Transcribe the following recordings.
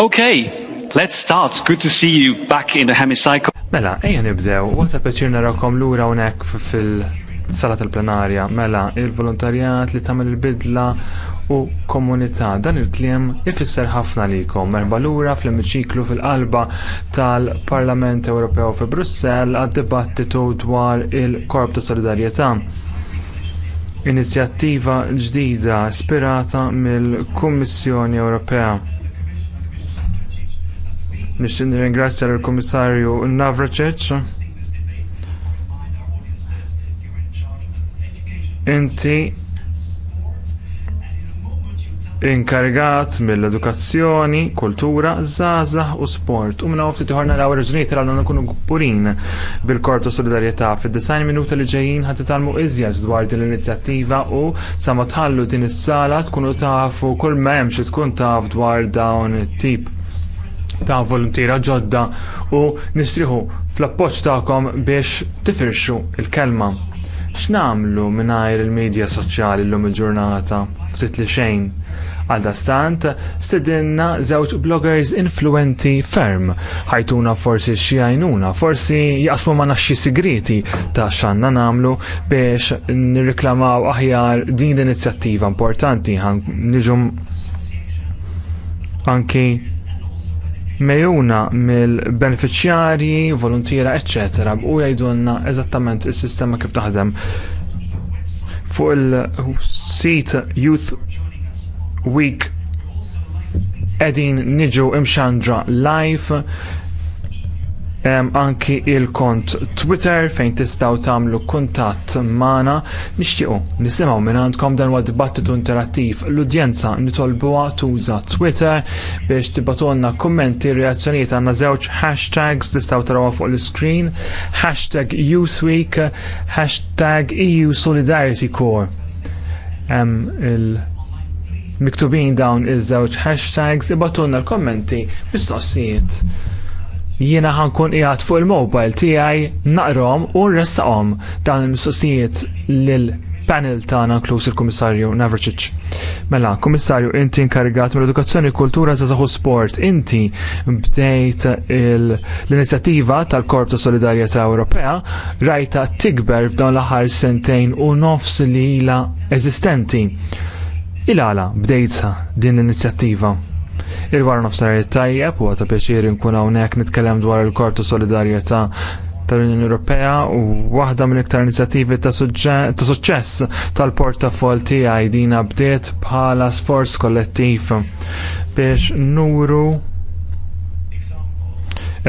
Okay, let's start. Good to see you back in the hemicycle. Mela, ejja nibdew. Wata pjaċir narakom lura hawnhekk fil-sala tal-plenarja. Mela, il-volontarjat li tagħmel il-bidla u komunità. Dan il-kliem ifisser ħafna likom. Merba lura fl-emiċiklu fil-qalba tal-Parlament Ewropew fi Brussell għad-dibattitu dwar il-Korp ta' Solidarjetà inizjattiva ġdida ispirata mill-Kummissjoni Ewropea. Nixtieq nirringrazzja lill kummissarju Navracic. Inti inkarigat mill-edukazzjoni, kultura, żgħażagħ u sport. U minna ftit iħorna l raġunijiet tal nkunu kburin bil-Korp ta' Solidarjetà fid-design minuta li ġejjin ħad titalmu iżjed dwar din l-inizjattiva u sa ma tħallu din is-sala tkunu tafu kull ma hemm xi tkun taf dwar dawn it-tip ta' volontira ġodda u nistriħu fl appoġġ tagħkom biex tifirxu l kelma X'namlu mingħajr il-medja soċjali llum il-ġurnata ftit li xejn. Għal dastant, stedinna żewġ bloggers influenti ferm, ħajtuna forsi xi għajnuna, forsi jaqsmu ma naxxi sigriti ta' x'għandna nagħmlu biex nirriklamaw aħjar din l-inizjattiva importanti ħan anki mejuna mill-beneficjarji, volontiera, eccetera, u jgħidulna eżattament is-sistema kif taħdem. Fuq il-sit Youth Week edin niġu imxandra live anki il-kont Twitter fejn tistgħu tagħmlu kuntatt magħna nixtiequ nisimgħu minn għandkom dan huwa dibattitu interattiv l-udjenza nitolbuha tuża Twitter biex tibatulna kummenti reazzjonijiet għandna żewġ hashtags tistgħu tarawa fuq l-screen hashtag Youthweek hashtag EU Solidarity Corps hemm il- miktubin dawn iż-żewġ hashtags ibatulna l-kommenti mistoqsijiet jiena ħankun qiegħed fuq il-mobile tiegħi naqrom u nressaqhom dan il-mistoqsijiet lil panel tagħna nanklus il-Kummissarju Navracic. Mela, Kummissarju, inti inkarigat mill-edukazzjoni, kultura, za u sport. Inti bdejt l-inizjattiva tal-Korp ta' Solidarjetà Ewropea rajta tikber f'dawn l-aħħar sentejn u nofs li ilha eżistenti. Ilala bdejtha din l-inizjattiva. Il-war nofsar tajjeb u għata pjaċir nkun hawnhekk nitkellem dwar il-Kortu Solidarjetà tal-Unjoni Ewropea u waħda mill iktar inizjattivi ta' suċċess tal-portafol tiegħi din bdiet bħala sforz kollettiv biex nuru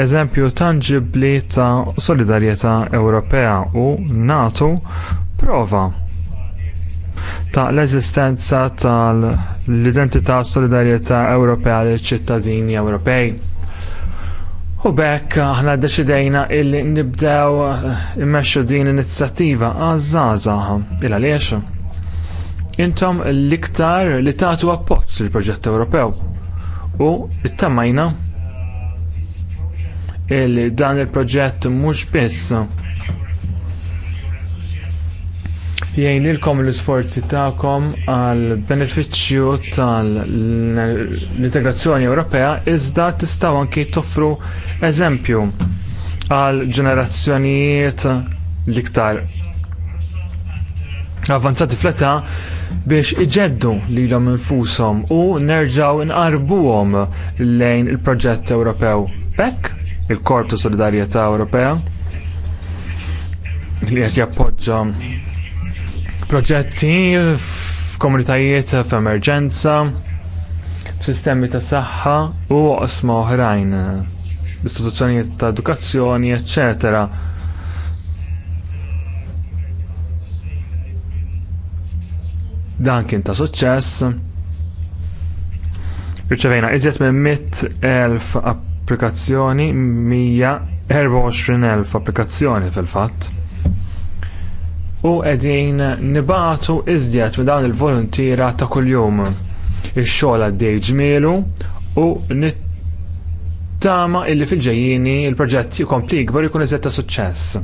eżempju tangibbli ta' solidarjetà Ewropea u natu prova ta' l-eżistenza tal-identità u solidarjetà Ewropea liċ ċittadini Ewropej. U bekk aħna ddeċidejna illi nibdew eh, immexxu din inizjattiva għaż-żgħażagħ il-għaliex. Intom l-iktar li tagħtu appoġġ lill proġett Ewropew u ttemmajna il dan il-proġett mhux biss jgħinilkom l-isforzi tagħkom għal benefiċċju tal-integrazzjoni Ewropea iżda tistgħu anki toffru eżempju għal ġenerazzjonijiet l-iktar avanzati fl-età biex iġeddu lilhom infushom u nerġgħu nqarbuhom lejn il-proġett Ewropew. Bekk il-Korp ta' Solidarjetà Ewropea li qed jappoġġa proġetti f'komunitajiet f'emerġenza, f'sistemi ta' saħħa u oqsma oħrajn, istituzzjonijiet ta' edukazzjoni, eccetera. dan kien ta' suċċess. Riċevejna iżjed minn 100.000 applikazzjoni, 124.000 applikazzjoni fil-fatt u qegħdin nibatu iżjed minn dawn il-volontira ta' kuljum. Ix-xogħol għaddej ġmielu u nittama illi fil-ġejjini il-proġett jkompli jikbar jkun iżjed ta' suċċess.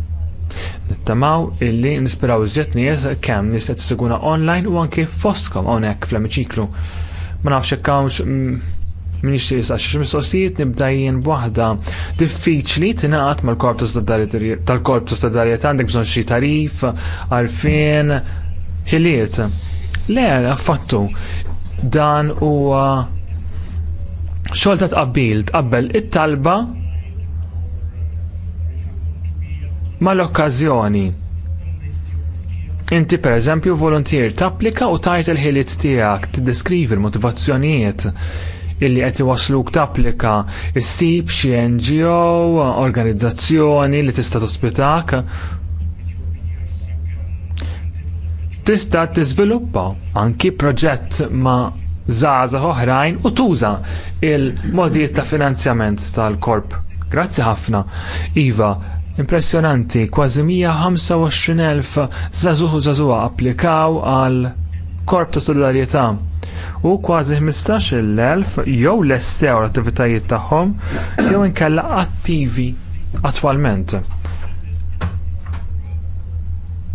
Nittamaw illi nispiraw iżjed nies kemm nies qed online u anke fostkom hawnhekk fl-emiċiklu. Ma nafx hekk mm, minix jisa x-mistoqsijiet nibdajjen b'waħda diffiċli tingħaqad mal-korp tal-korp ta' solidarieta għandek bżonn xi tarif, għarfien, ħiliet. Le, affattu, dan huwa xogħol ta' tqabbil, tqabbel it-talba mal-okkażjoni. Inti pereżempju volontier tapplika u tajt il-ħiliet tiegħek, tiddeskrivi l-motivazzjonijiet, illi qed iwasluk tapplika sib xi NGO, organizzazzjoni li tista' tospitak. Tista' tiżviluppa anki proġett ma' żgħażagħ oħrajn u tuża il-modijiet ta' finanzjament tal-korp. Grazzi ħafna. Iva, impressjonanti, kważi 125.000 zazuħu zazuha applikaw għal korp ta' solidarjetà. U kważi 15,000 jew lestew l-attivitajiet tagħhom jew inkella attivi attwalment.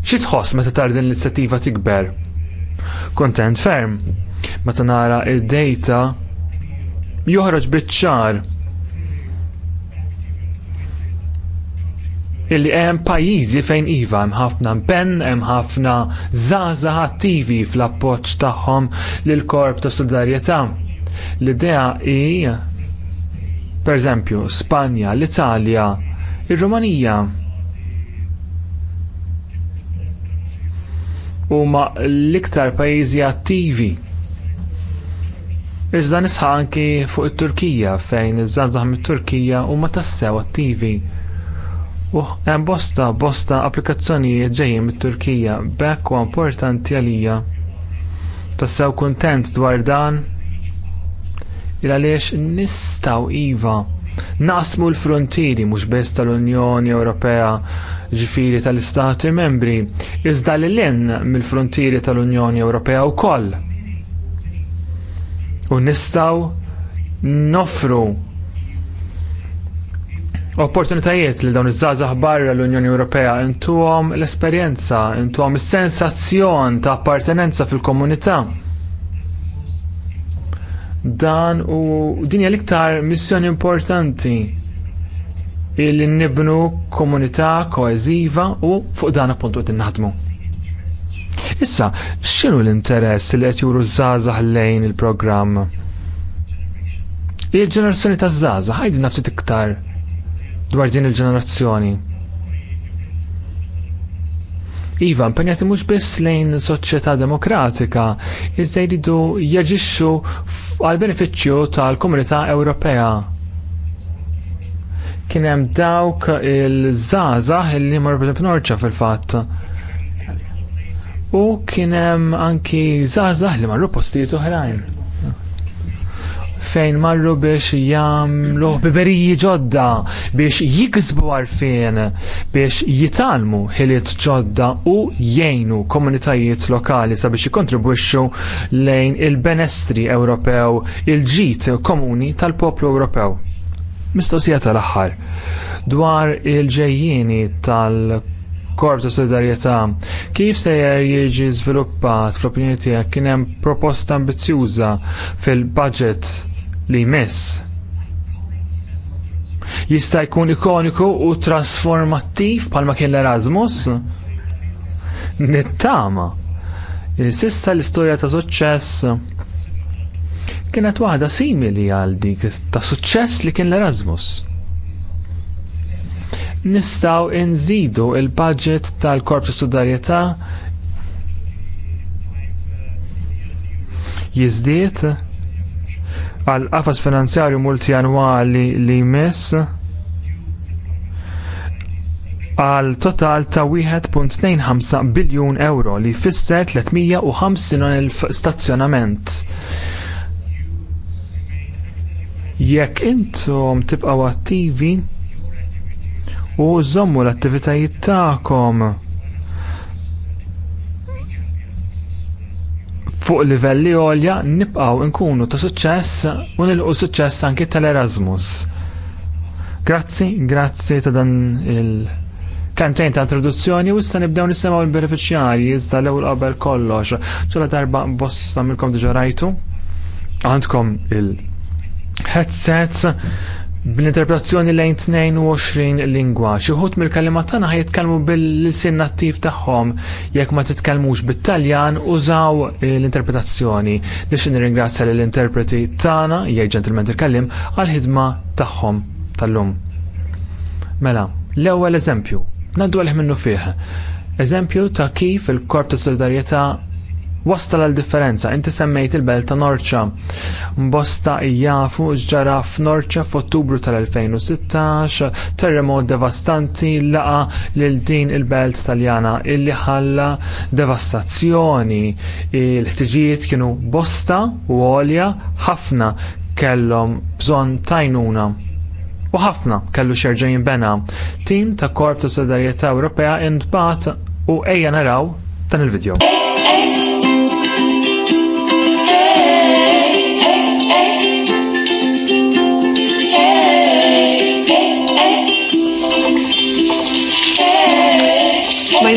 Xi tħoss meta tara din l-inizjattiva tikber? Kontent ferm. Meta nara id-dejta joħroġ biċ-ċar illi hemm pajjiżi fejn iva hemm ħafna ben, hemm ħafna żgħażagħ attivi fl-appoġġ tagħhom lil korp ta' solidarjetà. L-idea hi pereżempju Spanja, l-Italja, ir-Rumanija huma l-iktar pajjiżi attivi Iżda nisħa anki fuq it-Turkija fejn iż-żanzaħ mit-Turkija huma tassew attivi. U hemm bosta bosta applikazzjonijiet ġejjin mit-Turkija b'hekk huwa importanti għalija. Tassew kuntent dwar dan il għaliex nistgħu iva naqsmu l-frontieri mhux biss tal-Unjoni Ewropea ġifiri tal-Istati membri, iżda l lin mill-frontieri tal-Unjoni Ewropea wkoll. U nistgħu noffru opportunitajiet li dawn iż-żgħażagħ barra l-Unjoni Ewropea intuhom l-esperjenza, intuhom is-sensazzjon ta' appartenenza fil-komunità. Dan u din hija l-iktar missjoni importanti illi nibnu komunità koeżiva u fuq dan appuntu qed naħdmu. Issa, x'inhu l-interess li qed juru żgħażagħ lejn il-programm? Il-ġenerazzjoni taż-żgħażagħ ħajdi naftit iktar dwar din il-ġenerazzjoni. Iva, impenjati mhux biss lejn soċjetà demokratika, iżda ridu jaġixxu għal benefiċċju tal-Komunità Ewropea. Kien hemm dawk il il li mar Norċa fil-fatt. U kien hemm anki il li marru postijiet uħrajn fejn marru biex jagħmlu biberiji ġodda, biex jikzbu għarfien, biex jitalmu ħiliet ġodda u jgħinu komunitajiet lokali sabiex jikontribwixxu lejn il-benestri Ewropew, il-ġit komuni tal-poplu Ewropew. Mistoqsija tal-aħħar dwar il-ġejjieni tal-komunitajiet korp ta' solidarjetà. Kif sejjer jiġi żviluppat fl-opinjoni tiegħek kien hemm proposta ambizzjuża fil-budget li jmiss. Jista' jkun ikoniku u trasformattiv bħalma kien l-Erasmus? Nittama. Sissa l-istorja ta' suċċess kienet waħda simili għal dik ta' suċċess li kien l-Erasmus nistgħu nżidu l budget tal-Korp ta' Solidarjetà jiżdied għal qafas finanzjarju multianwali li jmiss għal total ta' 1.25 biljun euro li jfisser 350.000 stazzjonament. Jekk intom tibqgħu attivi, u żommu l-attivitajiet tagħkom fuq livelli għolja nibqgħu nkunu ta' suċċess u nilqu suċċess anki tal-Erasmus. Grazzi, grazzi ta' dan il- kantejn ta' introduzzjoni u issa nibdew nisimaw l-benefiċjarji iżda l-ewwel qabel kollox. Ċola darba bossa milkom diġa rajtu għandkom il- headsets b'interpretazzjoni lejn 22 lingwa. Xi wħud mill-kalimat tagħna ħajitkellmu bil-sin nattiv tagħhom jekk ma titkellmux bit-Taljan użaw eh, l-interpretazzjoni. Nixtieq nirringrazzja lill interpreti tagħna, jgħid ġentilment il-kellim, għall-ħidma tagħhom tal-lum. Mela, l-ewwel eżempju, ngħaddu għalih minnu fih. Eżempju ta' kif il-Korp ta' Solidarjetà wasta l differenza. Inti semmejt il-belt ta' Norċa. Bosta jafu ġara f'Norċa f'Ottubru tal-2016, terremot devastanti laqa lil din il-belt taljana illi ħalla devastazzjoni. Il-ħtiġijiet kienu bosta u għolja ħafna kellhom bżonn tajnuna u ħafna kellu xerġa jinbena. Tim ta' Korp ta' Solidarjetà Ewropea intbat u ejja naraw dan il-video.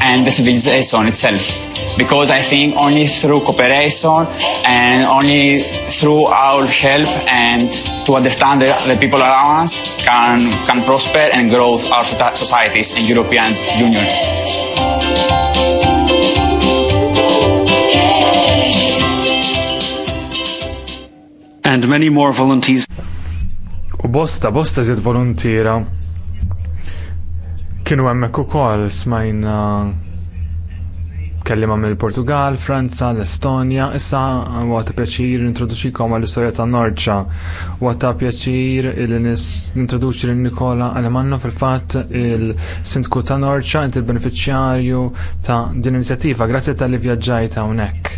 and the civilization itself. Because I think only through cooperation and only through our help and to understand the, the people around us can, can prosper and grow our societies and European Union. And many more volunteers. U bosta, bosta zjed volontira Kienu hemmhekk ukoll smajna kelliema mill-Portugal, Franza, l-Estonja, issa huwa pjaċir pjaċir kom għall istorja ta' Norċa. Huwa ta' pjaċir li nintroduċi lil Nikola Alemanno fil-fatt il-Sindku ta' Norċa inti il-beneficjarju ta' din l-inizjattiva grazzi tal-li vjaġġajt hawnhekk.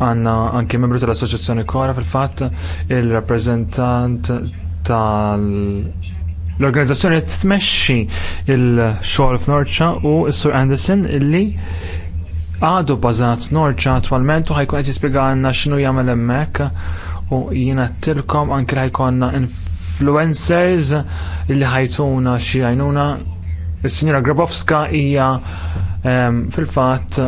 Għanna anke membru tal-Assoċjazzjoni Kora fil-fatt il-rappreżentant tal L-organizzazzjoni qed tmexxi il-xogħol f'Norċa u s-Sur Anderson illi għadu bazat Norċa attwalment u ħajkun qed għanna x'inhu jagħmel hemmhekk u jiena tilkom anke ħajkonna influencers illi ħajtuna xi għajnuna. il sinjora Grabowska hija ehm, fil-fatt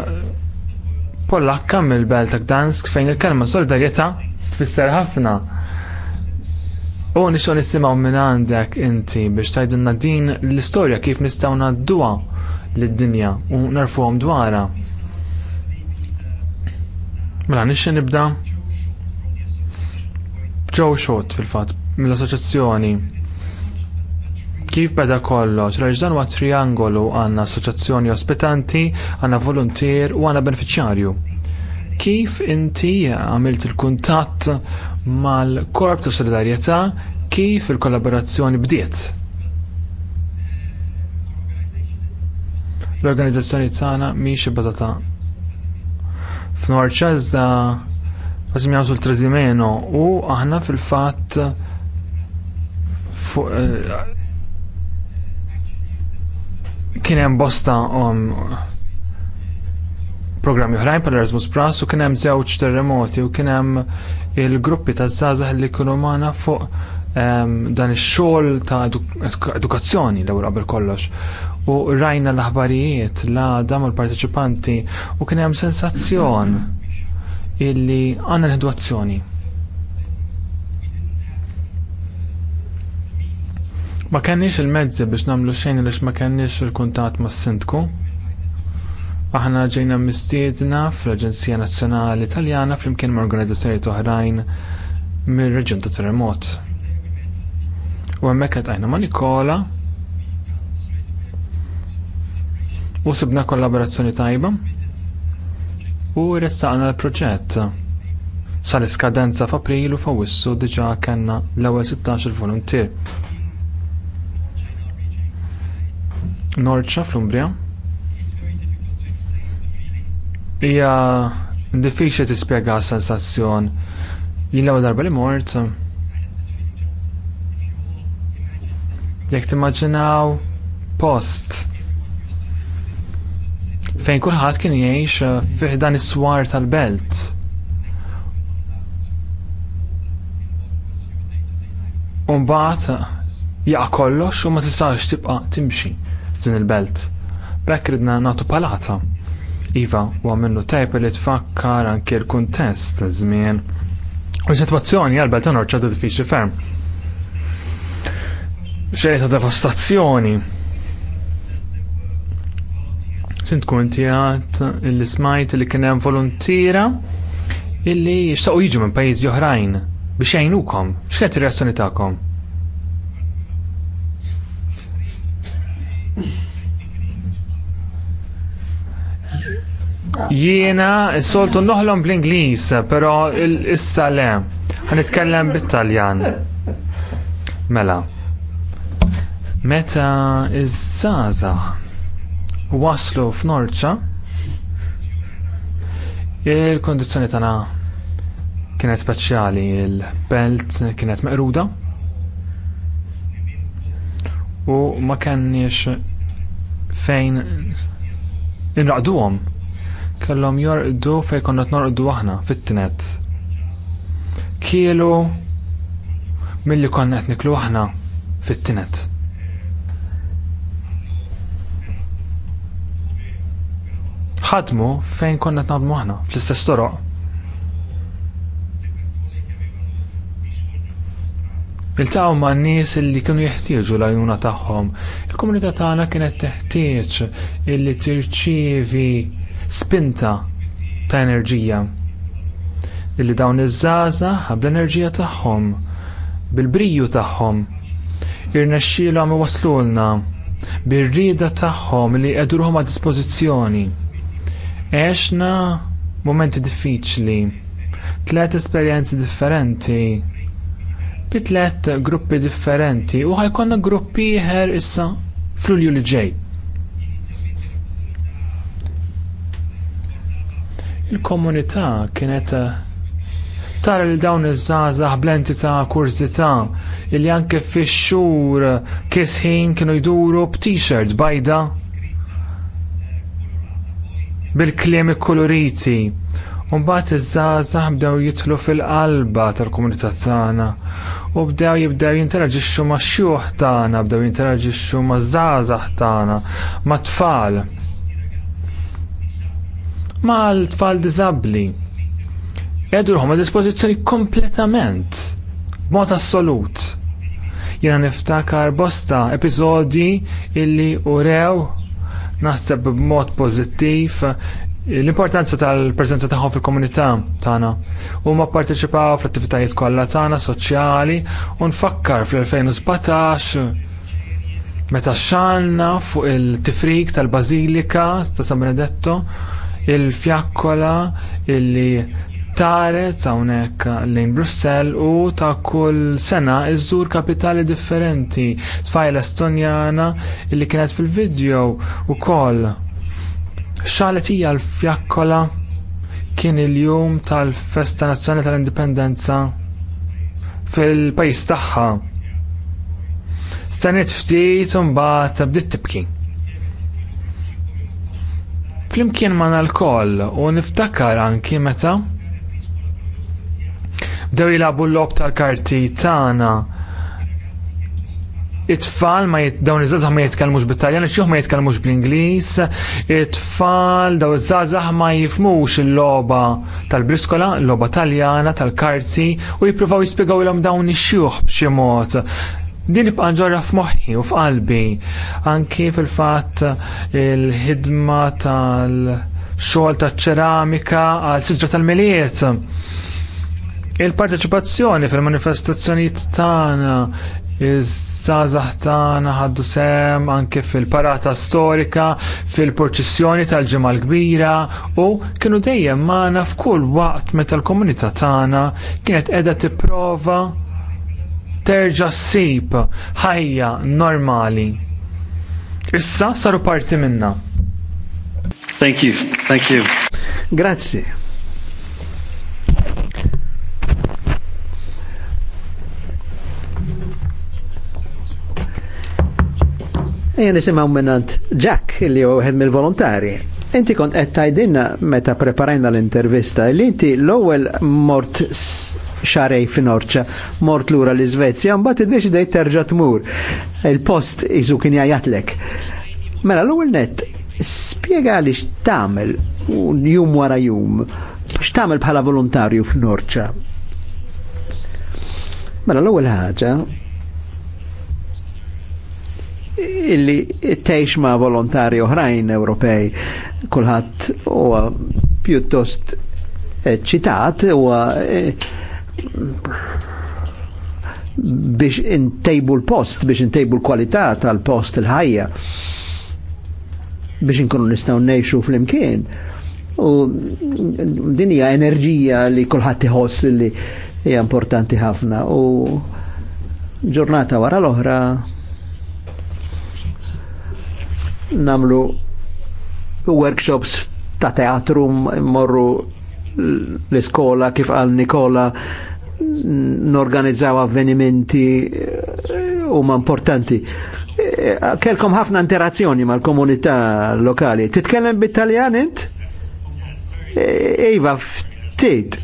Pollakka mill-Belt Dansk Gdansk fejn il-kelma solidarjetà tfisser ħafna U nixtieq nisimgħu minn għandek inti biex tgħidilna din l-istorja kif nistgħu dua lid-dinja u narfuhom dwarha. Mela nixtieq nibda Joe xot fil-fatt mill assoċazzjoni kif beda kollox, raġdan dan huwa triangolu għandna assoċjazzjoni ospitanti, għandna volontier u għandna beneficjarju. Kif inti għamilt il-kuntatt mal-Korp ta' Solidarjetà kif il-kollaborazzjoni bdiet. L-organizzazzjoni tagħna mhix ibbażata f'Norċa iżda Għazim jgħazu l-Trezimeno u aħna fil-fat eh, kien hemm bosta um, programmi oħrajn pal Erasmus Plus u kien hemm żewġ terremoti u kien hemm il-gruppi ta' żgħażagħ li kienu magħna fuq ehm, dan ix-xogħol ta' edukazzjoni l ewwel qabel kollox. U rajna l-aħbarijiet la dam il-partiċipanti u kien hemm sensazzjon illi għandna l-edwazzjoni. Ma kenniex il-mezzi biex namlu xejn lix ma kenniex il-kuntat ma' sindku Aħna ġejna mistiedna fl-Aġenzija Nazzjonali Italjana flimkien ma' organizzazzjonijiet oħrajn mir-reġjun ta' terremot. U hemmhekk qed għajna ma' Nikola u sibna kollaborazzjoni tajba u ressaqna l-proġett. Sal-iskadenza f'April u f'Awwissu diġà kellna l-ewwel 16 volunteer. Norċa fl-Umbria hija diffiċli tispjega s-sensazzjon. Jina l darba li mort. Jekk timmaġinaw post fejn kulħadd kien jgħix eh, fih dan is-swar tal-belt. Umbagħad jaqa' kollox u ma tistax tibqa' timxi f'din il-belt. B'hekk ridna nagħtu palata. Iva, u għamennu tajp li tfakkar anki l-kuntest żmien. U situazzjoni għalbel ta' norċa diffiċli ferm. Xejn ta' devastazzjoni. Sint tkun tiegħat illi smajt li kien hemm volontiera illi jixtaqu jiġu minn pajjiżi oħrajn biex jgħinukom. X'kienet ir-reazzjoni tagħkom? Jiena s-soltu noħlom bl-Inglis, pero issa le. Ħanitkellem bit-Taljan. Mela. Meta iż-żaza waslu f'Norċa, il kondizjoni tagħna kienet speċjali, il-belt kienet meqruda u ma kenniex fejn inraqduhom kellhom jorqdu fejn konna norqdu aħna fit-tnet. Kielu milli konna qed niklu aħna fit-tinet. ħadmu fejn konna qed naħdmu aħna fl-istess toroq. Iltaqgħu ma' nies li kienu jeħtieġu l-għajnuna tagħhom. Il-komunità tagħna kienet teħtieġ illi tirċievi spinta ta' enerġija illi dawn iż-żgħażagħ l enerġija tagħhom, bil-briju tagħhom. Irnexxielhom iwaslulna bir-rieda tagħhom li qegħduhom għad dispożizzjoni. Għexna momenti diffiċli, tliet esperjenzi differenti, bi tliet gruppi differenti u ħajkonna gruppi ieħor issa fl-ulju li ġej. Il-komunità kienet eh, tara li dawn iż-żgħażagħ blenti ta' kurzità illi anke fix-xhur kisħin kienu jduru b't-shirt bajda bil-kliem ikkoloriti. Mbagħad iż-żgħażagħ bdew jidħlu fil-qalba tal-komunità tagħna u bdew jibdew jinteraġixxu max-xjuħ tagħna, bdew jinteraġixxu maż-żgħażagħ tagħna, mat-tfal mal tfal diżabbli. Jadruhom għad dispożizzjoni kompletament, b'mod assolut. Jena niftakar bosta episodi illi urew naħseb b'mod pożittiv l-importanza tal-preżenza tagħhom fil-komunità tagħna. Huma pparteċipaw fl-attivitajiet kollha tagħna soċjali u nfakkar fl-2017 meta xalna fuq il-tifrik tal-Bazilika ta' San Benedetto il-fjakkola illi taret hawnhekk lejn Brussell u ta' kull sena iżżur kapitali differenti tfajla estonjana illi kienet fil-video ukoll Xalet hija l-fjakkola kien il-jum tal-Festa Nazzjonali tal-Indipendenza fil-pajjiż tagħha. Staniet ftit u mbagħad bdiet tibki flimkien ma nal-koll u niftakar anki meta bdew jilabu l-lob tal-karti tagħna it-tfal ma dawn iż-żazax ma jitkellmux bit-Taljan, ix ma jitkellmux bl-Ingliż, it-tfal daw iż-żazax ma jifmux il-logħba tal-briskola, il-logħba Taljana, tal-karti u jippruvaw jispjegaw ilhom dawn ix-xjuħ b'xi mod din ibqa' ġorra f'moħħi u f'qalbi anki fil-fatt il-ħidma tal-xogħol taċ-ċeramika għal siġra tal-miliet. Il-parteċipazzjoni fil-manifestazzjonijiet tagħna Iż-żgħażagħ tagħna ħaddu sem anke fil-parata storika, fil-proċessjoni tal-ġimgħa l-kbira u kienu dejjem magħna f'kull waqt meta l-komunità tagħna kienet qiegħda tipprova terġa' ssib ħajja normali. Issa saru parti minna. Thank you, thank you. Grazzi. Ejja nisimaw minnant Jack li u wieħed mill-volontari. Inti kont qed tajdinna meta preparajna l-intervista li inti l-ewwel mort xarej finorċa, mort lura l-Izvezja, mbagħad iddeċidejt terġa' tmur. Il-post izu kien jajatlek. Mela l-ewwel net, spiega li un jum wara jum, x'tagħmel bħala volontarju f'Norċa. Mela l-ewwel ħaġa illi tgħix ma' volontarju oħrajn Ewropej kulħadd huwa pjuttost ċitat huwa eh, biex intejbu l-post, biex intejbu l-kwalità tal-post il-ħajja, biex inkunu nistaw nejxu fl-imkien. U din hija enerġija li kulħadd iħoss li hija importanti ħafna u ġurnata wara l-oħra namlu workshops ta' teatru morru l-iskola kif għal Nikola n-organizzaw avvenimenti eh, huma importanti. Eh, kelkom ħafna interazzjoni mal-komunità lokali. Titkellem bit-Taljan int? Eh, iva, ftit.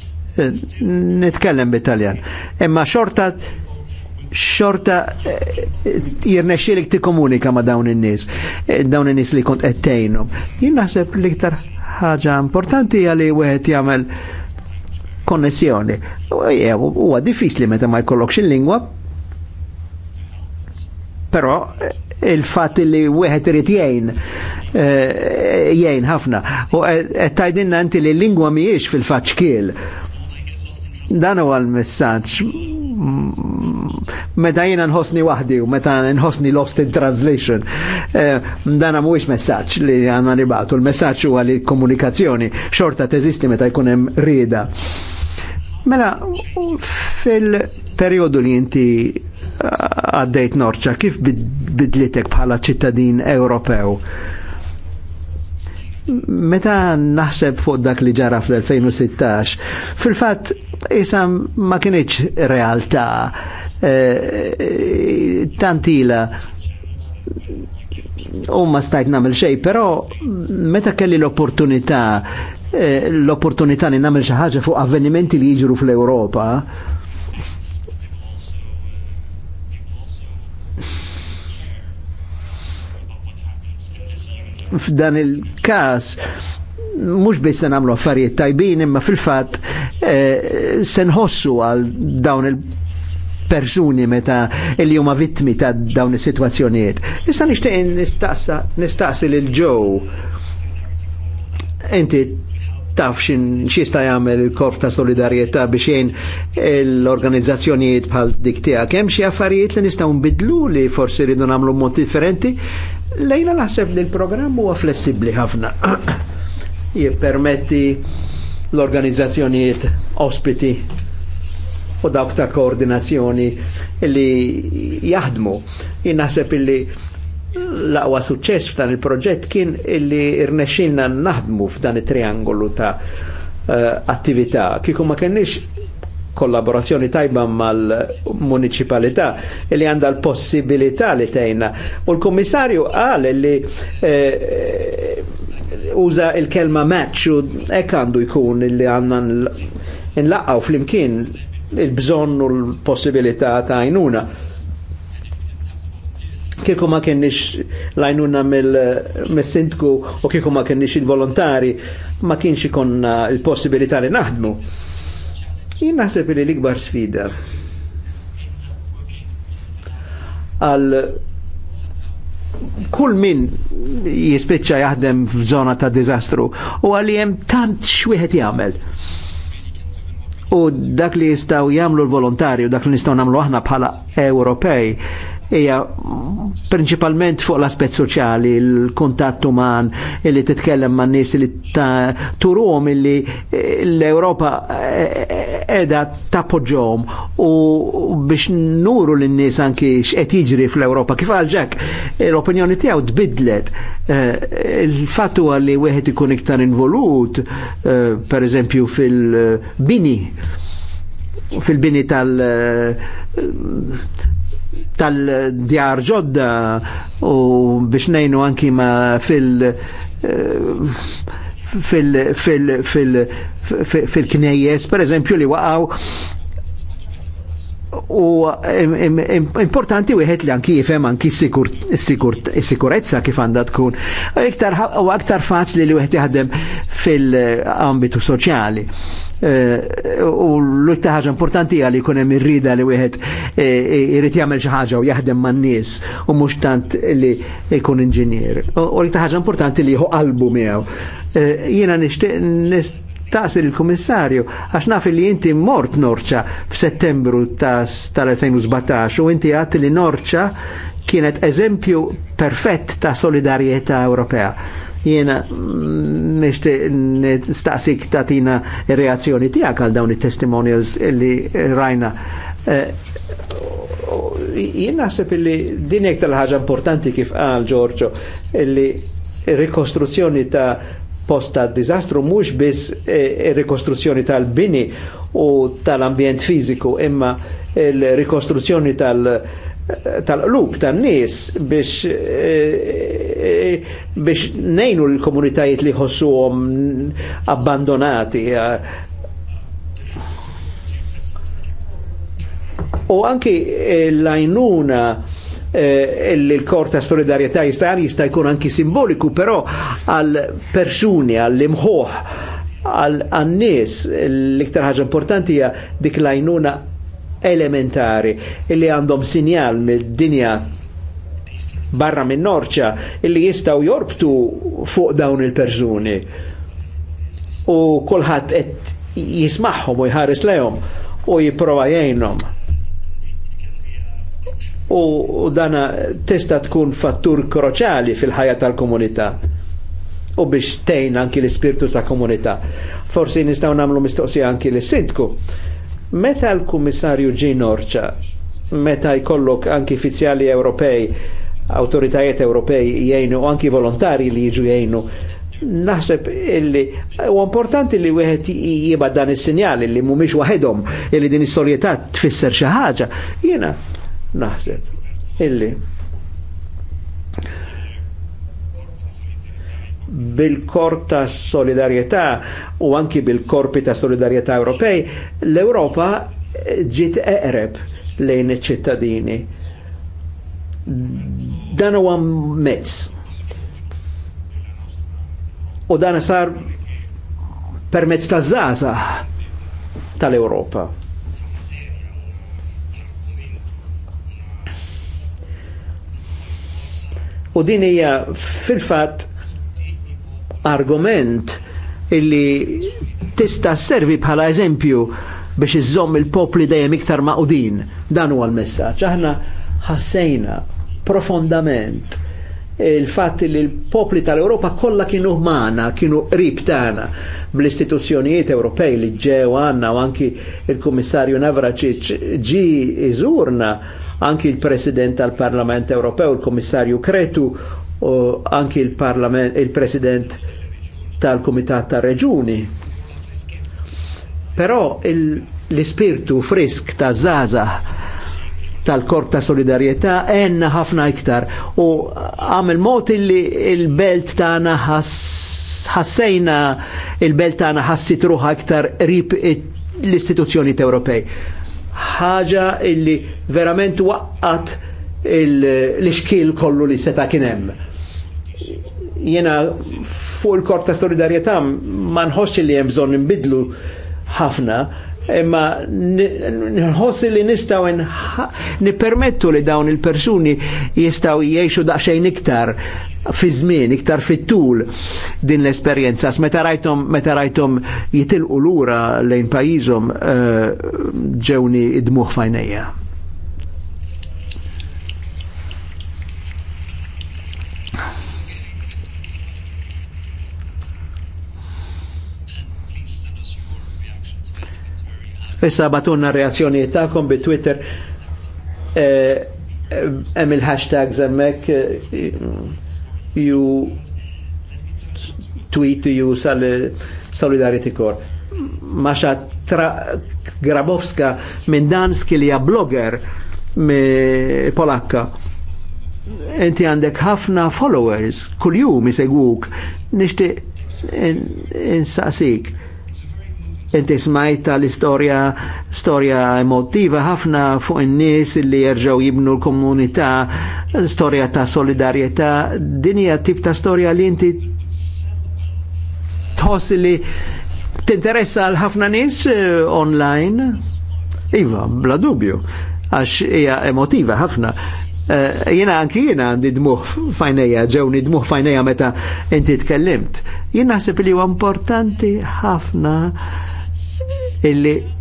Nitkellem bit-Taljan. Imma xorta xorta ti komunika ma' dawn in-nies, dawn in-nies li kont qed tgħinhom. Jien naħseb l-iktar ħaġa importanti għalli wieħed jgħamil konnessjoni. U Huwa diffiċli meta ma jkollokx il-lingwa, però il fat li wieħed irid jgħin eh, jgħin ħafna. U qed tgħidilna inti li l-lingwa mhijiex fil-faċ kiel. Dan huwa l-messaġġ meta jina nħosni wahdi u meta nħosni lost in translation. Eh, Dana muwix messaċ li għanna nibatu, l messaċ u li komunikazzjoni xorta teżisti meta jkunem rida Mela, fil-periodu li jinti eh, għaddejt norċa, kif bidlitek bħala ċittadin Ewropew? Meta naħseb fuq dak li ġara fl-2016, fil fat isam ma kienieċ realtà e, tantila u ma stajt namil xej, pero meta kelli l-opportunità e, l-opportunità li namil xaħġa fuq avvenimenti li jġru fl europa f'dan il-kas mux biex se namlu affarijiet tajbin imma fil-fat eh, se nħossu għal dawn il- persuni meta li huma vittmi ta' dawn is-sitwazzjonijiet. Issa nixtieq nistaqsi lil Joe. Inti taf xista jagħmel il-Korp ta' Solidarjetà biex jgħin l-organizzazzjonijiet bħal dik tiegħek. Hemm xi affarijiet li nistgħu nbidlu li forsi rridu nagħmlu mod differenti. Lejla naħseb li l-programm huwa flessibbli ħafna. Jippermetti l-organizzazzjonijiet ospiti u dawk ta' koordinazzjoni li jaħdmu. Innaħseb illi l-aqwa suċċess f'dan il-proġett kien illi irnexxilna naħdmu f'dan it-triangolu ta' eh, attività. Kieku ma kenniex kollaborazzjoni tajba mal-municipalità li għanda l-possibilità li tejna. U l kommissarju għal li eh, uża il-kelma match u ek għandu jkun illi għanna nlaqqaw fl-imkien il-bżonn u l-possibilità ta' jnuna kieku ma kienix lajnuna mill-sindku u kieku ma kienix il-volontari ma kienx ikonna il-possibilità li naħdmu. Jien naħseb li l-ikbar sfida għal kull min jispiċċa jaħdem f'żona ta' dizastru u għal jem tant xwieħed jagħmel. U dak li jistaw jagħmlu l-volontari u dak li nistgħu nagħmlu aħna bħala Ewropej hija prinċipalment fuq l-aspett soċjali, l-kuntatt uman, illi titkellem man nies li turum illi l-Ewropa eh, eh, edha tappoġġom u biex nuru lin-nies anki x'qed jiġri fl-Ewropa. Kif għal ġek, l-opinjoni tiegħu tbidlet. Eh, il-fatt huwa li wieħed ikun iktar involut, per eżempju fil-bini fil-bini tal tal-djar ġodda u biex nejnu anki ma fil- fil-knejjes, eh, fil, fil, fil, per eżempju, li waqaw u importanti wieħed li anki jifhem anki s-sikurezza kif għandha tkun. u aktar faċli li wieħed jaħdem fil-ambitu soċjali. Eh, u l ultima ħaġa importanti għalli jkun hemm irrida li wieħed eh, irid jagħmel xi ħaġa u jaħdem man-nies u mhux tant li jkun inġinier. U l ultima ħaġa importanti li jħu qalbu miegħu. Eh, jiena nixtieq taqsir il kommissarju għax naf li inti mort Norċa f'Settembru tal-2017 u inti għat li Norċa kienet eżempju perfett ta' solidarieta Ewropea. Jiena mm, nishti staqsik tina reazzjoni tijak għal dawn il-testimonials li rajna eh, Jiena għasib li din hekk tal-ħaġa importanti kif għal Giorgio li rikostruzzjoni ta' posta dizastru mhux biss ir-rikostruzzjoni e, e tal-bini u tal-ambjent fiziku imma il-rikostruzzjoni tal- tal-qlub tan-nies biex e, e biex nejnu l-komunitajiet li ħossuhom abbandonati a, u anki l-għajnuna Eh, il-kor ta' solidarietà jista' jista' jkun anki simboliku, però għal persuni, għall imħoħ għal-nies l-iktar ħaġa importanti hija dik lajnuna elementari illi għandhom sinjal mid-dinja barra minn norċa illi jistaw jorbtu fuq dawn il-persuni u kolħat jismaħħom u jħares lejhom u jipprova jgħinhom u dana testa tkun fattur kroċali fil-ħajja tal-komunità u biex tejn anki l-ispirtu ta' komunità. Forsi nistaw namlu mistoqsija anki l-sindku. Meta l-Kummissarju Gin Orċa, meta jkollok anki fizzjali Ewropej, autoritajiet Ewropej jgħinu, anki volontari li jiġu jgħinu, naħseb illi u importanti li wieħed jibad dan is-sinjal li mhumiex waħedhom illi din is-soljetà tfisser xi ħaġa. Jiena naħseb illi bil-korp ta' solidarietà u anki bil-korpi ta' solidarietà Ewropej, l-Europa ġiet eqreb lejn iċ-ċittadini. Dan huwa mezz. U dan sar permezz ta' zaza tal-Europa. U din hija fil-fatt argument illi tista servi bħala eżempju biex iżomm il-popli dejjem iktar maqudin. Dan huwa l-messaġġ. Aħna ħassejna profondament il-fatt li l-popli tal-Europa kollha kienu ħmana, kienu qrib tagħna bl-istituzzjonijiet Ewropej li ġew għandna u anki il-Kummissarju Navracic ġi iżurna anki il-President tal-Parlament Ewropew, il-Komissarju Kretu, u anki il-President il tal-Komitat tal-Reġuni. Però l-ispirtu frisk ta' Zaza tal kort ta' Solidarietà enna ħafna iktar u għamil mot illi il-belt tagħna ħassejna il-belt tagħna ħassit ruħa iktar rib l-istituzzjoni Ewropej ħaġa illi verament waqqat l-iskil kollu li seta' kienem. Jena fuq il-kort ta' solidarietà ma nħossi li hemm bżonn nbidlu ħafna imma nħossi li nistaw nipermettu li dawn il-persuni jistaw jiexu daqxejn iktar fi żmien, iktar fit-tul din l-esperjenza. Meta rajtom, meta rajtom jitilqu lura lejn pajjiżhom eh, ġewni id fajnejja. Issa batunna reazzjoni ta'kom bi Twitter eh, eh, hemm eh, il hashtag zemmek ju tweet ju sal Solidarity Corps. Maxa tra, Grabowska minn Dansk li blogger me Polakka. Enti għandek ħafna followers, kuljum isegwuk, nishti insaqsik. In inti smajta l-istorja storja emotiva ħafna fuq in-nies li jerġgħu jibnu l-komunità, storja ta' solidarjetà, din hija tip ta' storja li inti tħoss li tinteressa għal ħafna nies eh, online? Iva, bla dubju, għax hija emotiva ħafna. Uh, jena anki jiena għandi dmuħ fajnija, ġewni dmuħ fajnija meta inti tkellimt. Jiena naħseb li huwa importanti ħafna illi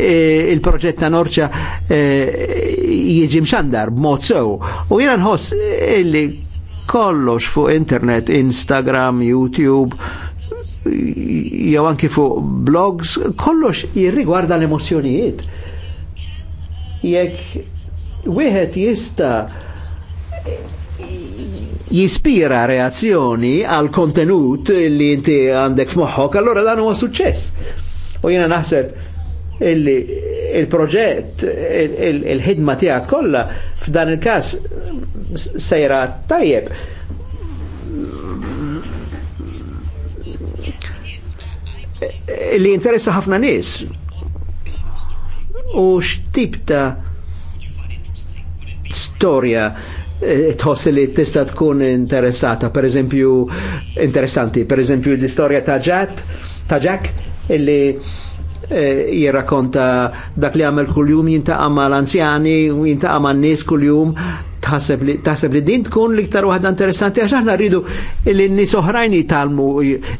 eh, il-proġett ta' Norċa eh, jieġi mxandar b'mod sew. U jiena nħoss illi kollox fuq internet, Instagram, YouTube, jew anki fuq blogs, kollox jirrigwarda l-emozjonijiet. Jekk wieħed jista jispira reazzjoni għal kontenut li inti għandek f'moħħok, allora dan huwa suċċess U jena naħseb illi il-proġett, il-ħidma il kolla, f'dan il kas sejra tajjeb. Li interessa ħafna nis. U x'tip ta' storja eh, tħoss li tista' tkun interessata, per eżempju, interessanti, per eżempju l-istorja ta' Jack, ta' Jack illi eh, jirrakonta dak li għamel kuljum jintaqa mal anzjani, jintaqa mal nis kuljum taħseb li din tkun liktar waħda interessanti għax aħna rridu li n nis oħrajn jitalmu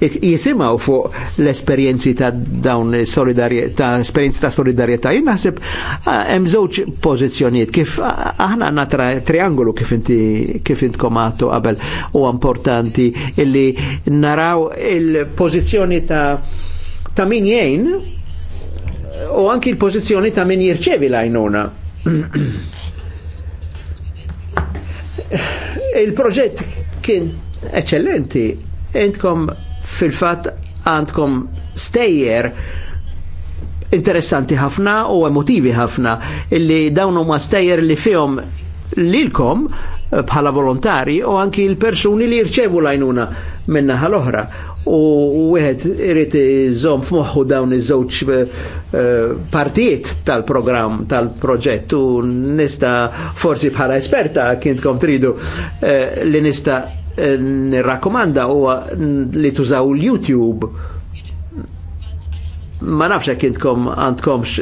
jisimaw fuq l-esperjenzi ta' dawn solidarieta esperienzi ta' solidarieta. Jien naħseb hemm żewġ pożizzjonijiet kif aħna għandna triangolu kif inti kif intkom għadtu u importanti illi naraw il pozizjoni ta' ta' min jgħin u anki l-pozizjoni ta' min jirċevi lajnuna. Il-proġett kien eccellenti. Entkom fil-fat għandkom stejjer interessanti ħafna u emotivi ħafna illi dawnu ma' stejjer li fihom lilkom bħala volontari u anki l-persuni li jirċevu lajnuna minna ħal oħra u irrit irid iżomm f'moħħu dawn iż-żewġ eh, partijiet tal program tal-proġett u nista forsi bħala esperta kientkom tridu eh, li nista eh, nirrakkomanda u li tużaw l-YouTube ma nafx jekk kom għandkomx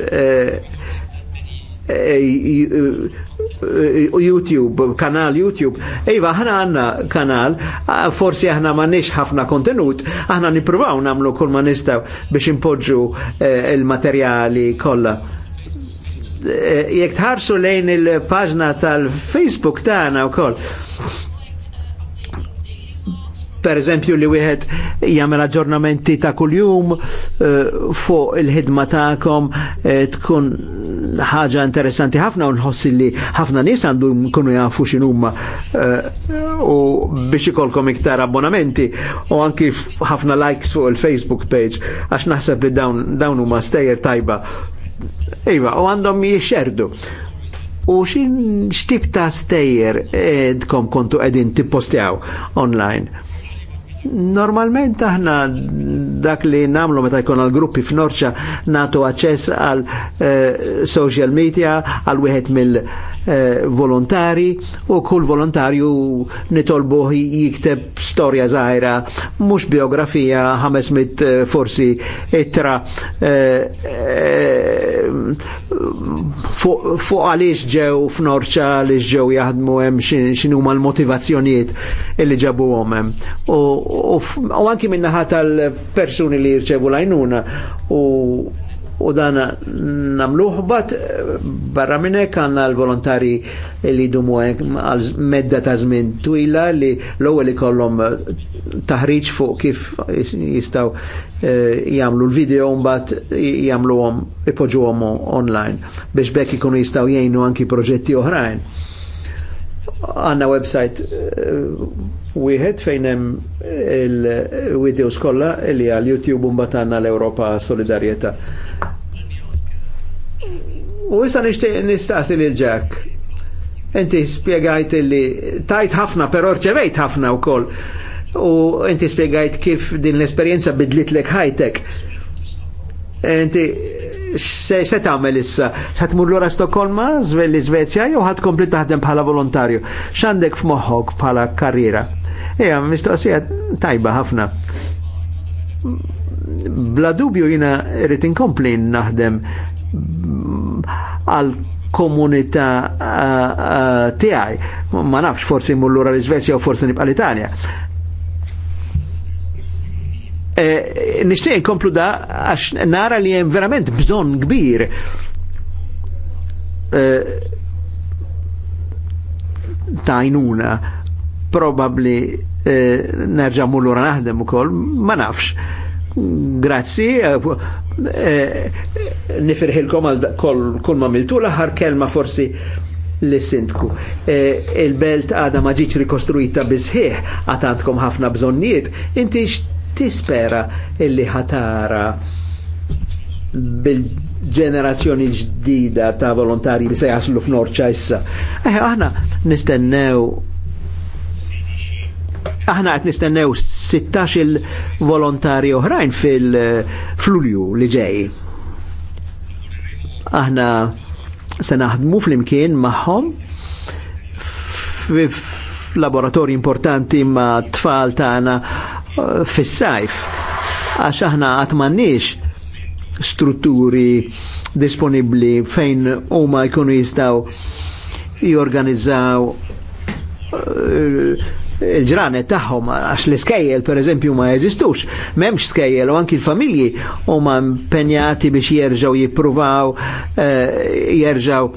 Eh, YouTube, kanal YouTube. Iva, ħana għanna kanal, forsi aħna nix ħafna kontenut, aħna nipruvaw namlu kol ma nistaw biex impoġġu eh, il-materjali kollha. Eh, Jek tħarsu lejn il-paġna tal-Facebook tagħna wkoll per eżempju li wieħed jagħmel aġġornamenti ta' kuljum eh, fuq il-ħidma tagħkom eh, tkun ħaġa interessanti ħafna u nħossi li ħafna nies għandu jkunu jafu x'inhuma huma eh, u biex ikolkom iktar abbonamenti u anki ħafna likes fuq il-Facebook page għax naħseb li dawn huma stejjer tajba. Iva, u għandhom jixxerdu. U xin xtib ta' stejjer edkom kontu edin tippostjaw online Normalment aħna dak li namlu meta jkun għal gruppi f'Norċa natu aċċess għal eh, social media, għal wieħed mill eh, volontari u kull volontarju nitolbu jikteb storja zaħira, mux biografija 500 eh, forsi ittra eh, eh fuq għalix ġew f'Norċa li ġew jaħdmu hemm x'inhu l-motivazzjonijiet illi ġabu hemm. U anki minnaħa tal-persuni li jirċevu l-għajnuna u u dan namluħ bat eh, barra minne għanna l-volontari li dumu għal medda ta' zmin twila li l-ewwel kollom eh, taħriġ fuq kif jistaw eh, jagħmlu l-video mbagħad jagħmluhom ipoġġuhom online biex bekk ikunu jistgħu jgħinu anki proġetti oħrajn għanna website eh, wieħed fejn hemm il-videos kollha li għal YouTube mbagħad għandna l-Ewropa Solidarjetà. U issa nixtieq nistaqsi lil Jack. Inti spjegajt li tajt ħafna però rċevejt ħafna wkoll. U inti spjegajt kif din l-esperjenza bidlitlek ħajtek. Inti se tagħmel issa? Ħadd tmur lura Stokkolma, l-Iżvezja jew ħadd kompli taħdem bħala volontarju? X'għandek f'moħħok bħala karriera? Ejja, mistoqsija tajba ħafna bla dubju jina rrit inkompli naħdem għal komunità tiegħi. Ma nafx forsi mullura l-Iżvezja u forsi nibqa l-Italja. Eh, Nishtiq inkomplu da għax nara li hemm verament bżonn kbir. Eh, tajnuna probabli eh, nerġa' mullura naħdem ukoll, ma nafx. Grazzi, eh, nifirħilkom għal kun ma miltu l-aħħar kelma forsi li sindku. Il-belt għada maġiċ rikostruita bizħieħ, għatantkom ħafna bżonniet, inti tispera illi ħatara bil-ġenerazzjoni ġdida ta' volontari li se jaslu f'Norċa issa. Eh, aħna nistennew aħna qed nistennew 16 il volontari oħrajn fil-flulju li ġej. Aħna se naħdmu fl-imkien magħhom f'laboratorji importanti ma' tfal tagħna fis-sajf għax aħna qatt m'għandniex strutturi disponibbli fejn huma jkunu jistgħu jorganizzaw eh, il-ġranet tagħhom għax l-iskejjel pereżempju ma jeżistux, m'hemmx skejjel u anki l-familji huma impenjati biex jerġgħu jippruvaw eh, jerġgħu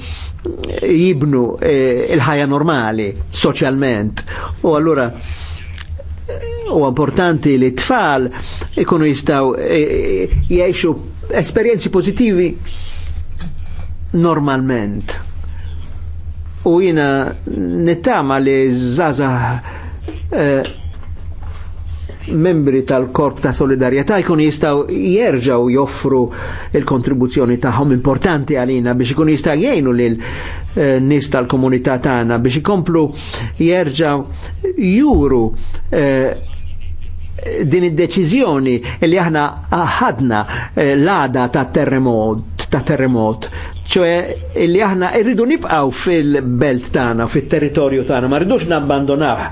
jibnu eh, il-ħajja normali soċjalment. U allura u importanti li tfal ikunu jistaw e, e, jiexu esperienzi pozitivi normalment. U jina nittama li zaza eh, membri tal-Korp ta' Solidarjetà jkunu jistgħu jerġgħu joffru il-kontribuzzjoni tagħhom importanti għalina biex ikun jistgħu jgħinu lil eh, nies tal-komunità tagħna biex ikomplu jerġgħu juru eh, din id-deċiżjoni li aħna ħadna eh, l-għada ta' terremot, ta' terremot ċoħe illi aħna irridu nibqaw fil-belt tana, fil-territorju tana, ma rridux nabbandonaw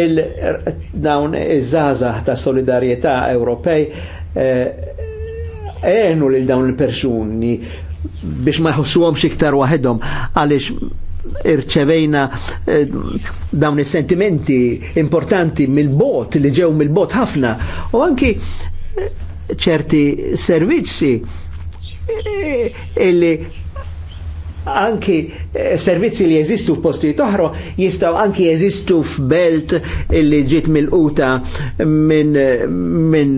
il-dawn iż-żaza ta' solidarietà Ewropej eh, eħnu lil dawn il-persuni biex ma jħossuhom xiktar waħedhom għaliex irċevejna eh, dawn is-sentimenti importanti mill-bot li ġew mill-bot ħafna u anki eh, ċerti servizzi illi anki eh, servizzi li jeżistu f'postijiet oħra jistgħu anki jeżistu f'belt li ġiet mill-quta minn min,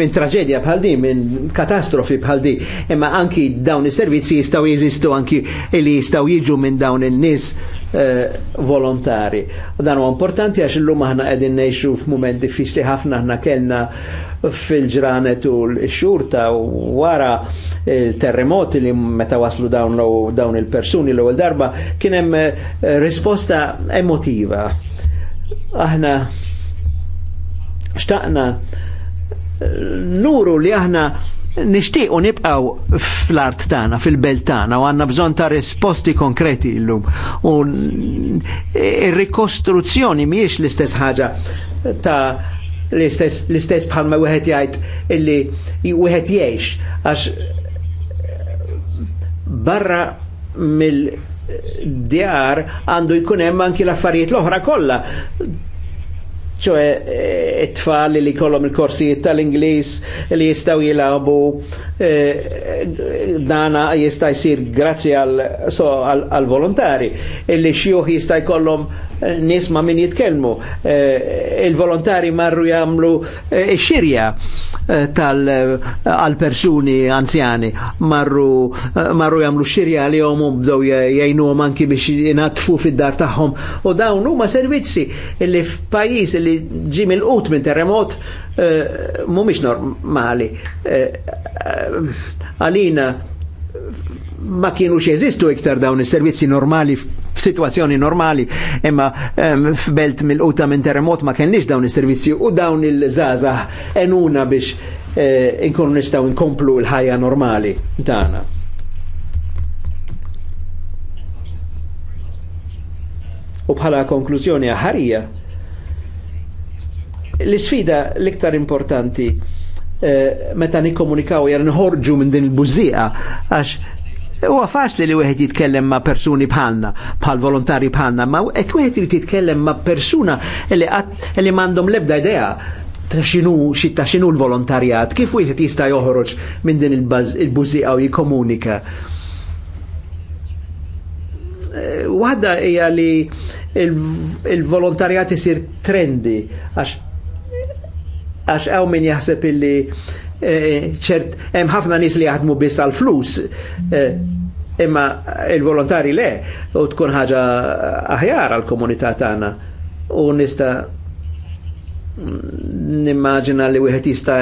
min traġedja bħal din, minn katastrofi bħal din, imma anki dawn is-servizzi jistgħu jeżistu anki li jistgħu jiġu minn dawn in-nies Eh, volontari. Dan huwa importanti għax illum aħna qegħdin ngħixu f'mument diffiċli ħafna aħna kellna fil-ġranet u l-xurta wara il-terremoti li meta waslu dawn, dawn il-persuni l-ewwel darba kien hemm eh, risposta emotiva. Aħna xtaqna eh, nuru li aħna nishtiq u nibqaw fl-art tana, fil-belt tana, u għanna bżon ta' risposti konkreti l-lum. U r rikostruzzjoni miex l-istess ħaġa ta' l-istess bħalma wieħed jgħid illi wieħed jgħix għax barra mill-djar għandu jkun hemm anki l-affarijiet l-oħra kollha ċoħe eh, it-tfal li kollom il-korsijiet tal-Inglis li jistaw jilabu eh, dana jista' jisir grazzi għal-volontari illi xjuħ jista' jkollhom nis ma min jitkelmu. Eh, il-volontari marru jamlu eh, xirja eh, tal-persuni eh, anzjani, marru, marru jamlu xirja li jomu bdow jajnu manki biex jinatfu fid-dar taħħom. U dawn huma servizzi li f'pajis li ġim il-qut minn terremot mumiex normali. Għalina ma kienu xeżistu iktar dawn is-servizzi normali f'sitwazzjoni normali, imma f'belt mill-quta minn terremot ma kenniex dawn is-servizzi u dawn il-żaza enuna biex eh, inkunu nistgħu nkomplu l-ħajja normali tagħna. U bħala konklużjoni aħarija, l-sfida l-iktar importanti eh, meta nikkomunikaw jar nħorġu minn din il-bużija għax Huwa faċli li wieħed jitkellem ma' persuni bħalna, bħal volontari bħalna, ma' hekk wieħed irid jitkellem ma' persuna li qatt li m'għandhom l-ebda idea ta' xinu, ta' xinu l-volontarjat, kif wieħed jista' joħroġ minn din il-bużiqa u jikkomunika. Eh, waħda hija li il-volontarjat isir trendi, għax għaw min jaħseb illi Eh, ċert hemm ħafna nies li jaħdmu biss għal flus eh, imma il-volontari le u tkun ħaġa aħjar għal komunità tagħna u nista' nimmaġina li wieħed jista'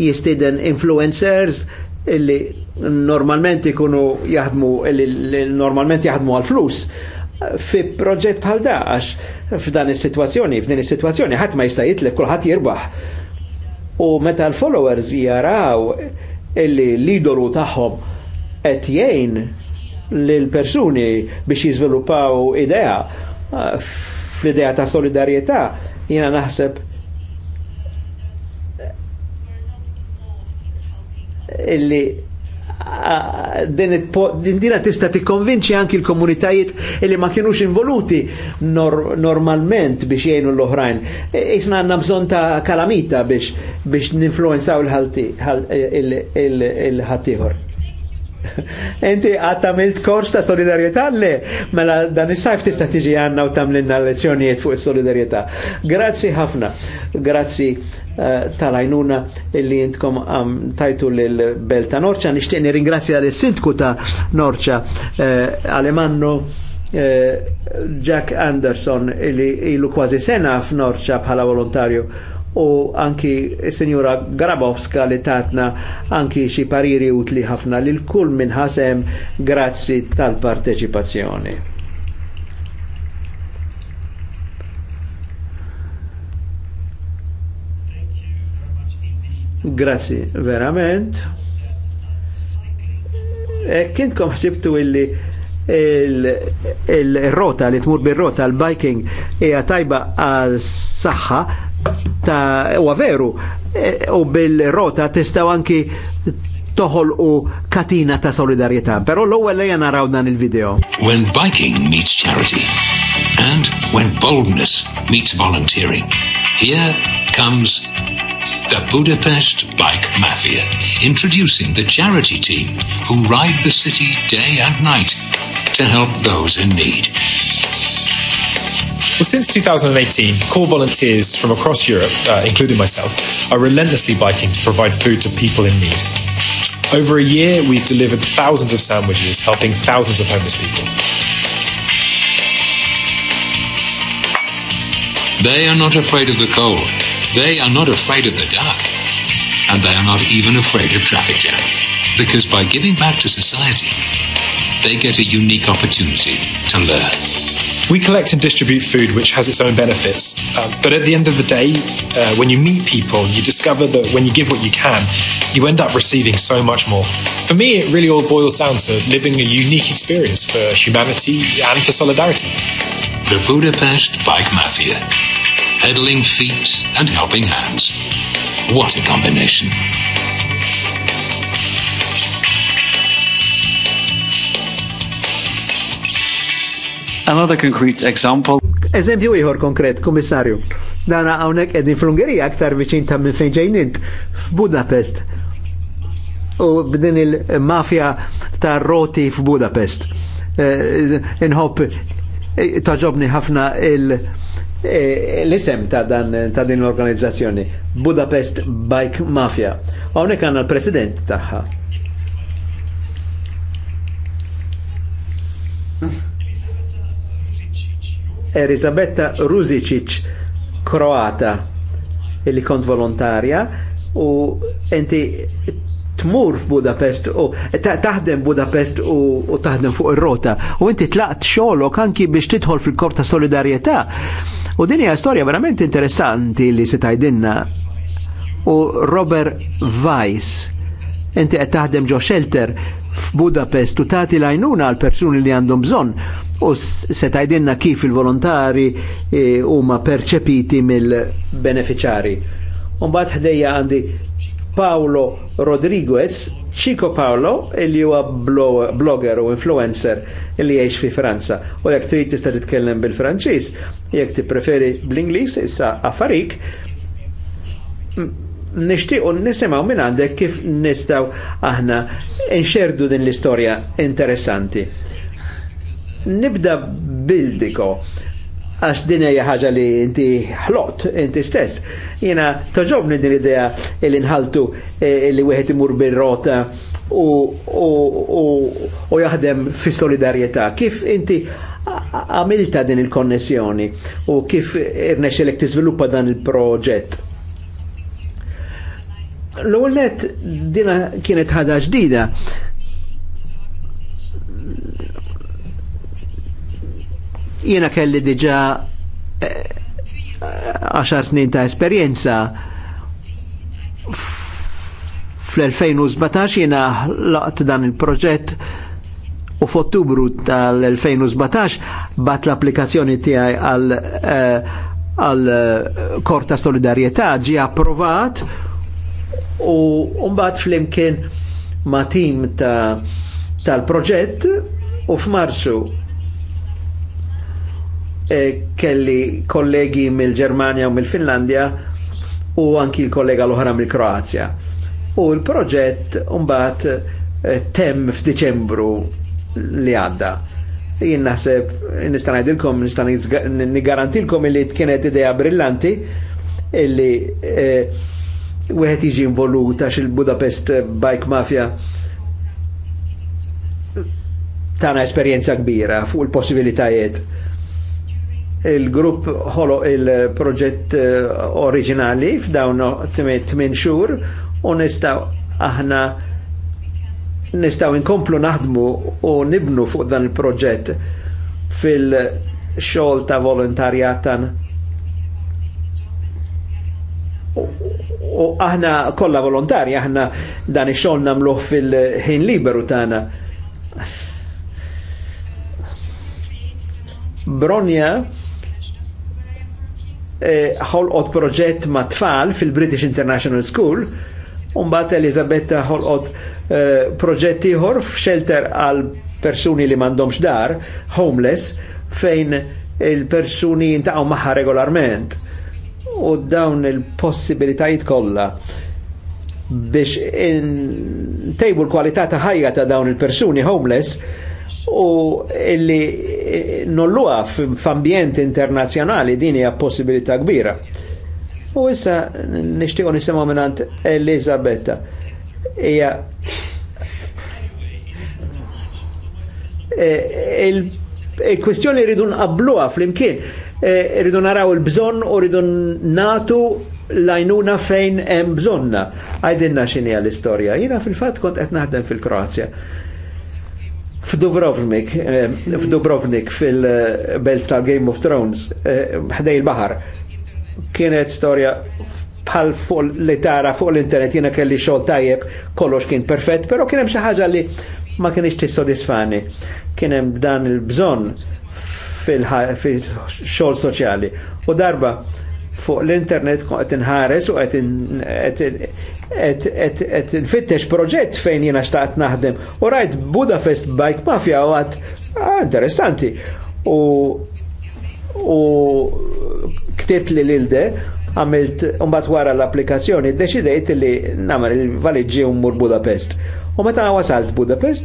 jistieden influencers illi normalment ikunu jaħdmu illi normalment jaħdmu għal flus fi proġett bħal da għax f'dan is-sitwazzjoni, f'din is-sitwazzjoni ħadd ma jista' jitlef kulħadd jirbaħ. U meta l-followers jaraw illi l idolu tagħhom qed jgħin lil persuni biex jiżviluppaw idea eh, fl-idea ta' solidarjetà jiena naħseb illi din dira tista' tikkonvinċi anki l-komunitajiet li ma kienux involuti nor normalment biex jgħinu l-oħrajn. E, isna għandna bżonn ta' kalamita biex biex ninfluenzaw il-ħaddieħor. Enti għatta milt kors ta' solidarieta le, mela dan il sajf tista' tiġi għanna u tamlinna lezzjonijiet fuq il-solidarieta. Grazzi ħafna, grazzi eh, tal ajnuna li jintkom um, tajtu l-belt ta' Norċa, nishtiqni ringrazzja l sintku ta' Norċa uh, eh, eh, Jack Anderson li ilu kważi sena f'Norċa bħala volontarju u anki s-senjura Grabowska li tatna anki xi pariri utli ħafna lil kull minn ħasem grazzi tal-parteċipazzjoni. Grazzi, verament. E, Kintkom ħsibtu illi il-rota il, il li tmur bil-rota l-biking hija tajba għal saħħa ta' u veru e, u bil-rota tistaw anki toħol u katina ta' solidarietà. Pero l-ewwel lejja naraw dan il-video. When biking meets charity and when boldness meets volunteering, here comes the Budapest Bike Mafia, introducing the charity team who ride the city day and night to help those in need. Well, since 2018, core volunteers from across Europe, uh, including myself, are relentlessly biking to provide food to people in need. Over a year, we've delivered thousands of sandwiches, helping thousands of homeless people. They are not afraid of the cold. They are not afraid of the dark. And they are not even afraid of traffic jam. Because by giving back to society, they get a unique opportunity to learn. We collect and distribute food, which has its own benefits. Um, but at the end of the day, uh, when you meet people, you discover that when you give what you can, you end up receiving so much more. For me, it really all boils down to living a unique experience for humanity and for solidarity. The Budapest Bike Mafia. Pedaling feet and helping hands. What a combination. Another concrete example. Eżempju ieħor konkret, kummissarju. Dana hawnhekk qegħdin fl-Ungerija aktar viċin ta' minn fejn ġejn int f'Budapest. U b'din il-mafja ta' roti f'Budapest. Eh, inħobb eh, taġobni ħafna il- eh, l-isem ta' dan ta' din l-organizzazzjoni Budapest Bike Mafia. Hawnhekk għandna l-president tagħha. Elisabetta Ruzicic Kroata illi kont volontarja u enti tmur f'Budapest u taħdem Budapest u taħdem fuq ir-rota u inti tlaqt xogħlok anki biex tidħol fil-Kort ta' Solidarjetà. U din hija storja verament interessanti li se tajdinna. U Robert Weiss inti qed taħdem ġo shelter f'Budapest u tagħti lajnuna għal persuni li għandhom bżonn u se tgħidilna kif il-volontari e, huma e, perċepiti mill-beneficjari. Mbagħad ħdejja għandi Paolo Rodriguez, Chico Paolo, li huwa blogger u influencer li jgħix fi Franza. U jekk trid tista' titkellem bil-Franċiż, jekk tippreferi bl-Ingliż, issa affarik, nishtiqu nisimaw minn għandek kif nistaw aħna nxerdu din l-istorja interessanti. Nibda bildiko, għax din hija ħaġa li inti ħlot inti stess. Jena toġobni din l-idea li nħaltu eh, li wieħed imur bil rota u, u, u, u jaħdem fis solidarjetà Kif inti għamilta din il-konnessjoni u kif irnexxelek tiżviluppa dan il-proġett? L-ewwel net dina kienet ħada ġdida. Jiena kelli diġà 10 eh, snin ta' esperjenza fl-2017 jiena laqt dan il-proġett u f'Ottubru tal-2017 bat l-applikazzjoni tiegħi għal eh, għal Korta Solidarjetà ġie approvat u mbagħad flimkien ma' tim ta' tal-proġett u f'Marsu. e, kelli kollegi mill-Ġermanja u mill-Finlandja u anki l-kollega l-oħra mill-Kroazja. U l-proġett mbagħad tem f'Diċembru li għadda jien naħseb nista' ngħidilkom nista' nigarantilkom li kienet idea brillanti illi eh, wieħed jiġi involuta il budapest Bike Mafia tana esperjenza kbira fuq il-possibilitajiet. Il-grupp ħolo il-proġett eh, oriġinali f'dawn 8 xhur u nistgħu aħna nistgħu inkomplu naħdmu u nibnu fuq dan il-proġett fil-xogħol ta' volontarjat tagħna u aħna kollha volontari, aħna dan ix-xogħol nagħmluh fil-ħin liberu tagħna. Bronja eh, ħolqot e, proġett ma' tfal fil-British International School, Umbat Elizabetta ħolqot proġetti eh, proġett ieħor f'shelter għal persuni li m'għandhomx dar, homeless, fejn il-persuni jintaqgħu magħha regolarment u dawn il-possibilitajiet kollha biex tejbu l-kwalità ta' ħajja ta' dawn il-persuni homeless u illi nolluha f'ambjent internazzjonali din hija possibilità kbira. U issa nixtiequ nisimgħu minant Elizabetta. Hija eh, il-kwestjoni rridu nqabbluha fl-imkien Eh, rridu naraw il-bżonn u rridu natu lajnuna fejn hemm bżonna. Għajdinna x'inhi l-istorja. Jiena fil-fatt kont qed naħdem fil-Kroazja. F'Dubrovnik, eh, f'Dubrovnik fil-belt tal-Game of Thrones, eh, ħdej il-bahar. Kienet storja bħal fuq li tara fuq l-internet jiena kelli xogħol tajjeb, kollox kien perfett, però kien hemm xi ħaġa li ma kienx tissodisfani. Kien hemm dan il-bżonn fil-xol soċjali. U darba fuq l-internet qed inħares u qed nfittex proġett fejn jiena xtaqt naħdem. U rajt Budapest Bike Mafia u għad ah, interessanti. U u ktibt li l-ilde għamilt umbat wara l-applikazzjoni deċidejt li namar il valigġi u mur Budapest. U meta wasalt Budapest,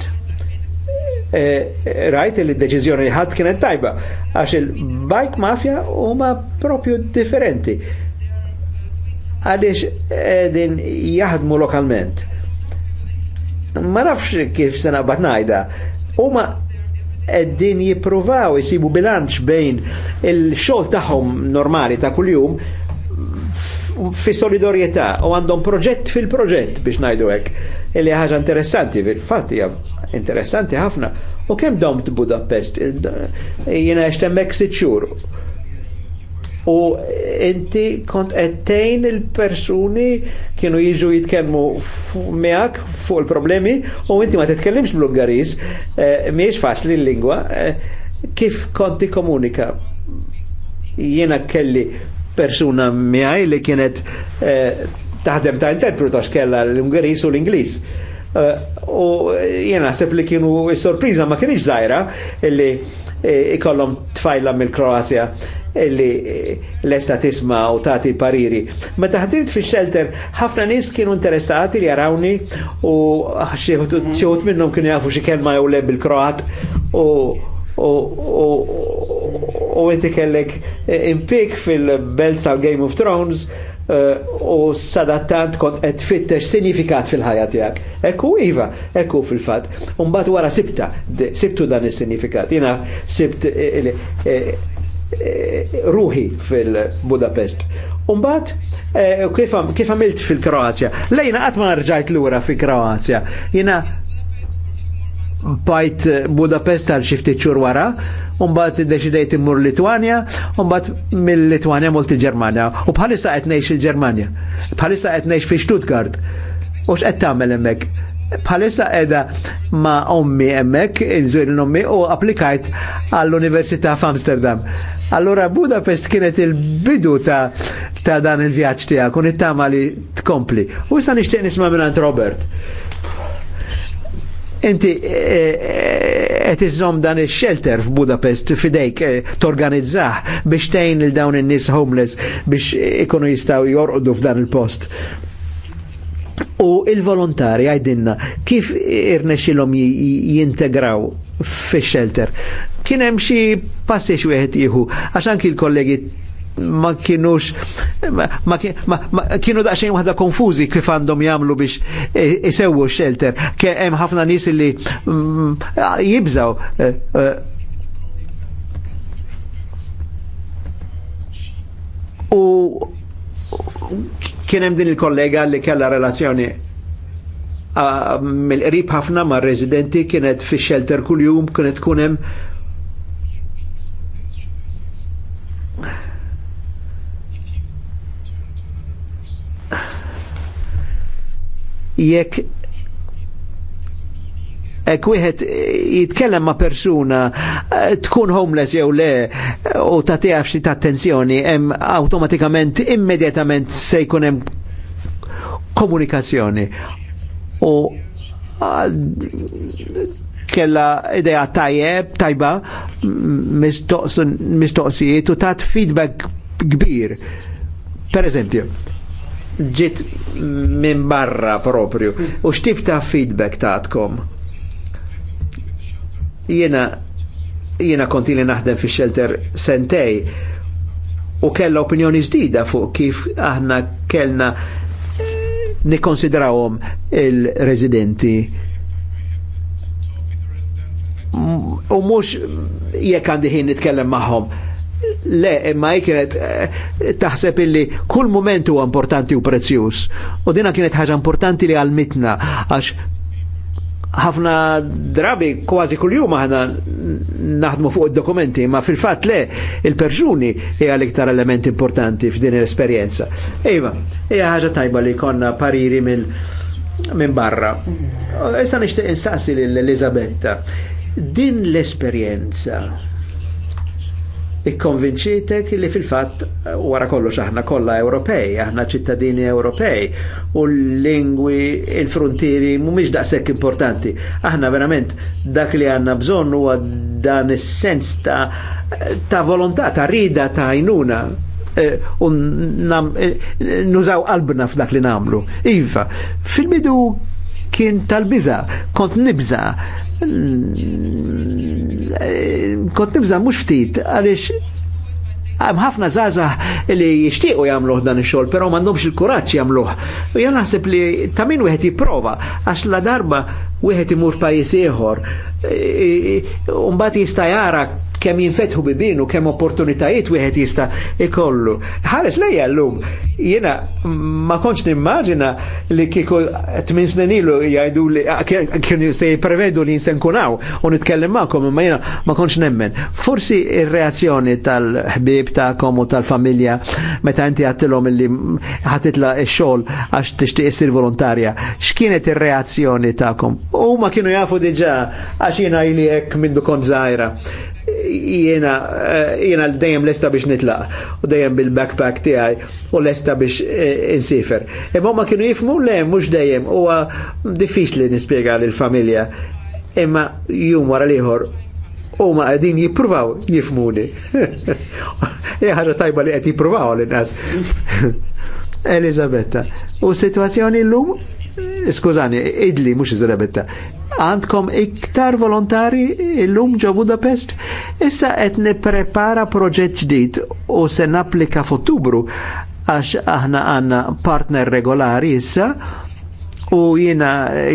Eh, eh, rajt li d-deċizjoni li ħadd kienet tajba, għax il-bike mafja huma propju differenti. Għaliex din jaħdmu lokalment. Ma nafx kif sena batnajda, huma din jipruvaw jisibu bilanċ bejn il-xogħol tagħhom normali ta' kuljum fi solidarietà u għandhom proġett fil-proġett biex najdu hekk. Illi ħaġa interessanti, fil-fatt hija interessanti ħafna. U kemm domt Budapest? Jiena xtemmek sitt U inti kont qedtejn il-persuni kienu jiġu jitkellmu miak fuq il-problemi u inti ma titkellimx bl-Ungaris, eh, miex fasli l-lingwa, eh, kif konti komunika jiena kelli persuna miħaj li kienet eh, taħdem ta' interpretax kella l-Ungeris u l-Inglis. Eh, u jena sepp li kienu sorpriza ma kienix zaħira illi eh, ikollom tfajla mill-Kroazja illi l-esta tisma u tati pariri. Ma taħdimt fi shelter, ħafna nis kienu interessati li jarawni u xieħut minnom kienu jafu xie kelma jew le bil-Kroat u u inti kellek e, impik fil-belt tal-Game of Thrones e, u sadattant kont et fittex sinifikat fil-ħajja tijak. Ekku iva, ekku fil fat Umbagħad wara sibta, sibtu dan il sinifikat Jina sibt e, ruħi fil-Budapest. Umbat, kif għamilt fil-Kroazja? Lejna għatma rġajt l-ura fil-Kroazja. Jina bajt eh, Budapest għal xifti ċur wara, unbat deċidejt immur Litwania, unbat mill-Litwania multi Ġermania. U bħalissa qed ngħix il ġermania bħalissa qed ngħix fi Stuttgart. U x'qed tagħmel hemmhekk? Bħalissa edha ma' ommi hemmhekk, inżur l-ommi, u applikajt għall-Università f'Amsterdam. Allora Budapest kienet il-bidu ta', ta dan il-vjaġġ tiegħek u nittama li tkompli. U issa nixtieq nisma' minn Robert Inti eh, eh, qed iżżomm dan ix-shelter f'Budapest fidejk eh, torganizzah biex tgħin lil dawn in-nies homeless biex ikunu jistgħu jorqdu f'dan il-post. U il-volontari għajdinna kif irnexilom jintegraw fix shelter. Kien hemm xi passi xi wieħed ieħu għax anki l-kollegi ma kienux ma, kienu daqsxejn waħda konfuzi kif għandhom jagħmlu biex e, isewwu shelter. Hemm ħafna nies li mm, jibżaw e, e. u kien hemm din il-kollega li kellha relazzjoni mill-qrib ħafna ma' residenti kienet fi shelter kuljum kienet tkun hemm jekk ek wieħed jitkellem ma' persuna eh, tkun homeless jew le u ta' tiegħek xi ta' attenzjoni hemm awtomatikament immedjatament se jkun hemm komunikazzjoni. U kella idea tajjeb, tajba, mistoqsijiet u tat feedback kbir. Per eżempju, ġit minn barra propju. U xtib ta' feedback ta'tkom? Jena, jena konti li naħdem fi shelter sentej u kella opinjoni ġdida fuq kif aħna kellna eh, nikonsidrawhom il-residenti u mux jekk għandi ħin nitkellem magħhom Le, imma jkienet eh, taħseb illi kull moment huwa importanti u prezzjuż. U dina kienet ħaġa importanti li għalmitna għax ħafna drabi kważi kuljum aħna naħdmu fuq id-dokumenti, ma fil-fatt le il-perġuni hija l-iktar element importanti f'din l-esperjenza. Iva, hija ħaġa tajba li konna pariri minn min barra. Issa nixtieq insaqsi lill-Elizabetta. Din l-esperjenza ikkonvinċitek li fil-fatt eh, wara kollox aħna kollha Ewropej, aħna ċittadini Ewropej u l-lingwi, il-frontieri mhumiex daqshekk importanti. Aħna verament dak li għandna bżonn huwa dan is-sens ta', ta volontà, ta' rida, ta' għajnuna eh, u eh, nużaw qalbna f'dak li namlu. Iva, fil-bidu kien tal biża kont nibza kont nibżam mux ftit għalix għam ħafna zaza li jixtiequ jagħmluh dan il-xol, pero mandomx il kuraċ jagħmluh. U jgħan naħseb li ta' min jħet jiprofa, għax la darba wieħed imur pajjiż ieħor, e, e, mbagħad jista' jara kemm jinfetħu bibinu, kemm opportunitajiet wieħed jista' ikollu. Ħares lejja llum, jiena ma kontx nimmaġina li kieku tmien snin ilu jgħidu li kienu se prevedu li jinsenkunaw, u nitkellem magħkom imma jiena ma kontx nemmen. Forsi r reazzjoni tal-ħbieb tagħkom u tal-familja meta inti għattilhom illi ħatitla x-xogħol għax tixtieq issir volontarja, x'kienet ir-reazzjoni tagħkom? u ma kienu jafu diġa għax jena ili ek mindu kont zaħira jena eh, jena l-dajem l-esta biex nitlaq u dajem bil-backpack tijaj u l-esta biex eh, insifer imma ma kienu jifmu le mux dajem u diffiċ li nispiega l-familja imma jum wara liħor u ma għedin jipruvaw jifmuni jħarra tajba li għed jipruvaw l-inqas Elizabetta u situazzjoni l-lum skużani, idli mux iżrebetta, għandkom iktar volontari illum ġo Budapest? Issa qed nipprepara proġett ġdid u se napplika f'Ottubru għax aħna għanna partner regolari issa u jiena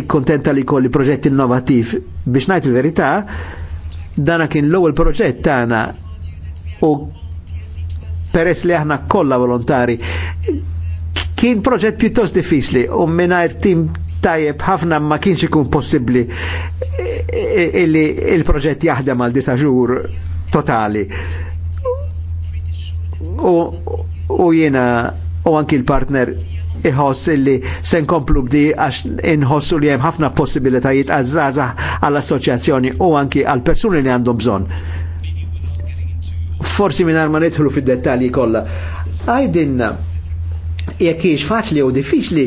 kontenta li kolli proġett innovativ biex najt il-verità dana kien l-ewwel proġett tagħna u peress li aħna kollha volontari Kien proġett pjuttost diffiċli u mingħajr tim tajjeb ħafna ma kienx ikun possibbli eh, eh, illi il-proġett jaħdem għal disa ġur totali. U, u jiena u anki l-partner iħoss illi se nkomplu bdi għax inħossu li hemm ħafna possibilitajiet għazzaza għall-assoċjazzjoni u anki għal persuni li għandhom bżonn. Forsi minn ma nidħlu fid-dettalji kollha. Għajdinna jekk hiex faċli u diffiċli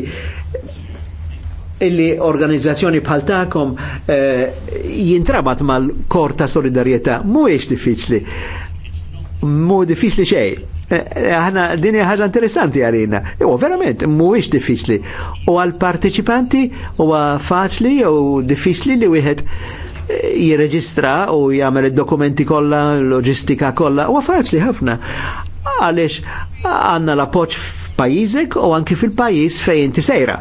illi organizzazzjoni bħal takom eh, jintrabat mal-kor ta' solidarieta mhuwiex diffiċli. Mu diffiċli xej. Eh, eh, aħna eh, din hija ħaġa interessanti għalina. Jo, verament, mhuwiex diffiċli. U għal-partiċipanti huwa faċli u diffiċli li wieħed jirreġistra u jagħmel id-dokumenti kollha, l-loġistika kollha, huwa faċli ħafna. Għaliex għandna l-appoġġ pajizek u anki fil pajiz fejn inti sejra.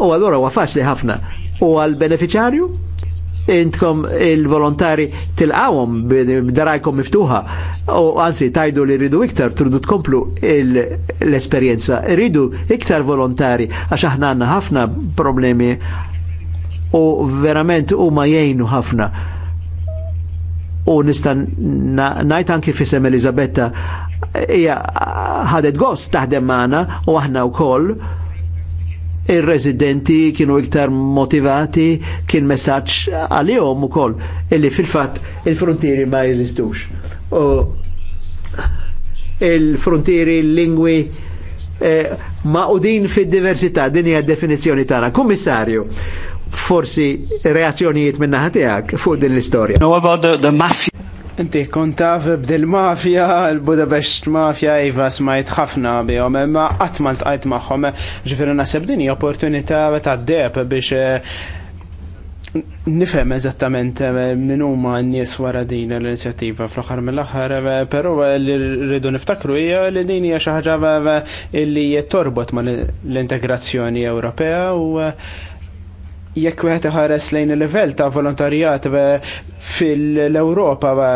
U allura huwa li ħafna. U għal beneficjarju intkom il-volontari til-għawom b'darajkom miftuħa u għansi tajdu li rridu iktar turdu tkomplu l esperienza Rridu iktar volontari għax aħna għanna ħafna problemi u verament u ma jajnu ħafna u nistan najt anki fisem Elizabetta ija ħadet gost taħdem maħna u aħna u koll il residenti kienu iktar motivati kien messaċ għal-jom u koll illi fil fat il-frontieri ma jizistux U il-frontieri lingwi eh, ma' u din fil-diversita din hija definizjoni tana Kummissarju, forsi reazzjonijiet minna ħatijak fuq din l-istoria. No, about the, the mafia. Inti kontaf b'dil-mafja, l-Budapest mafja, Iva smajt ħafna bihom, ma għatman tqajt maħħom, ġifiri nasib dini opportunita ta' d-deb biex eh, nifhem eżattament eh, minn huma n-nies wara din l-inizjattiva fl-aħħar mill-aħħar, eh, però li rridu niftakru hija li din hija xi ħaġa li torbot mal l-integrazzjoni Ewropea u jekk wieħed iħares lejn il-livell ta' volontarjat fil-Ewropa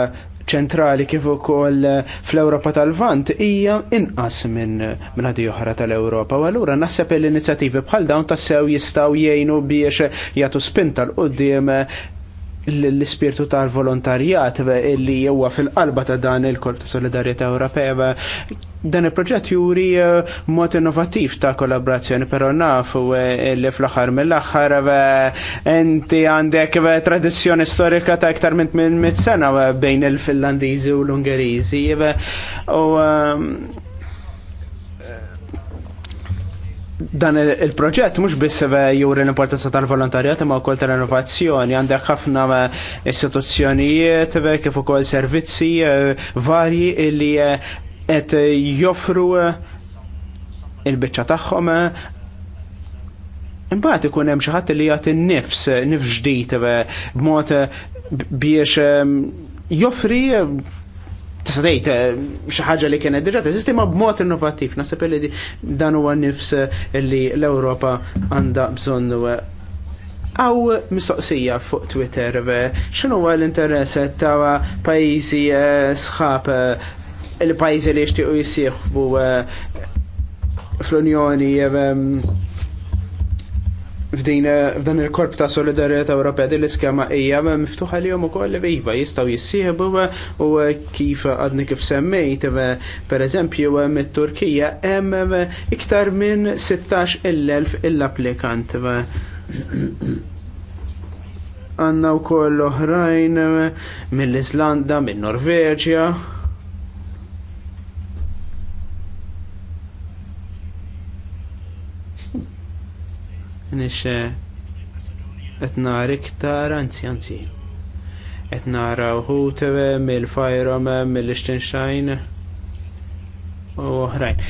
ċentrali kif ukoll fl-Ewropa tal-Vant hija inqas minn minn ħadi oħra tal-Ewropa. U allura naħseb l-inizjattivi bħal dawn tassew jistgħu jgħinu biex jagħtu spinta l qudiem l-ispirtu tal-volontarjat li huwa fil-qalba ta' dan il kort ta' Solidarieta Ewropea dan il-proġett juri eh, mod innovativ ta' kollaborazzjoni, però nafu eh, li fl-aħħar mill-aħħar inti għandek tradizzjoni storika ta' iktar minn 100 sena bejn il finlandizi u l-Ungeriżi. U ehm, dan il-proġett mhux biss juri l-importanza tal-volontarjat imma wkoll tal-innovazzjoni għandek ħafna eh, istituzzjonijiet eh, kif ukoll servizzi eh, varji li qed joffru il-biċċa tagħhom imbagħad ikun hemm xi ħadd li jagħti nnifs nifs ġdid b'mod biex joffri tisadejt eh, xaħġa li kienet diġa teżisti ma b'mod innovativ, Nasib li dan huwa nifs eh, li l-Ewropa għandha bżonn eh, Għaw mistoqsija fuq Twitter, xinu għal l-interess ta' pajjiżi sħab il-pajjiżi li xtiqu jisieħbu fl-Unjoni F'din eh, f'dan il-korp ta' solidarieta Ewropea din l-iskema hija miftuħa li ukoll li iva jistgħu jissieħbu eh, u eh, kif għadni kif semmejt pereżempju mit-Turkija hemm iktar minn 16 il-applikant. Għanna u koll oħrajn mill-Islanda, mill-Norveġja, nix eh, etnar iktar, anzi, anzi, etnara uħut eh, mill-fajrom, eh, mill ixtinxajn u oħrajn.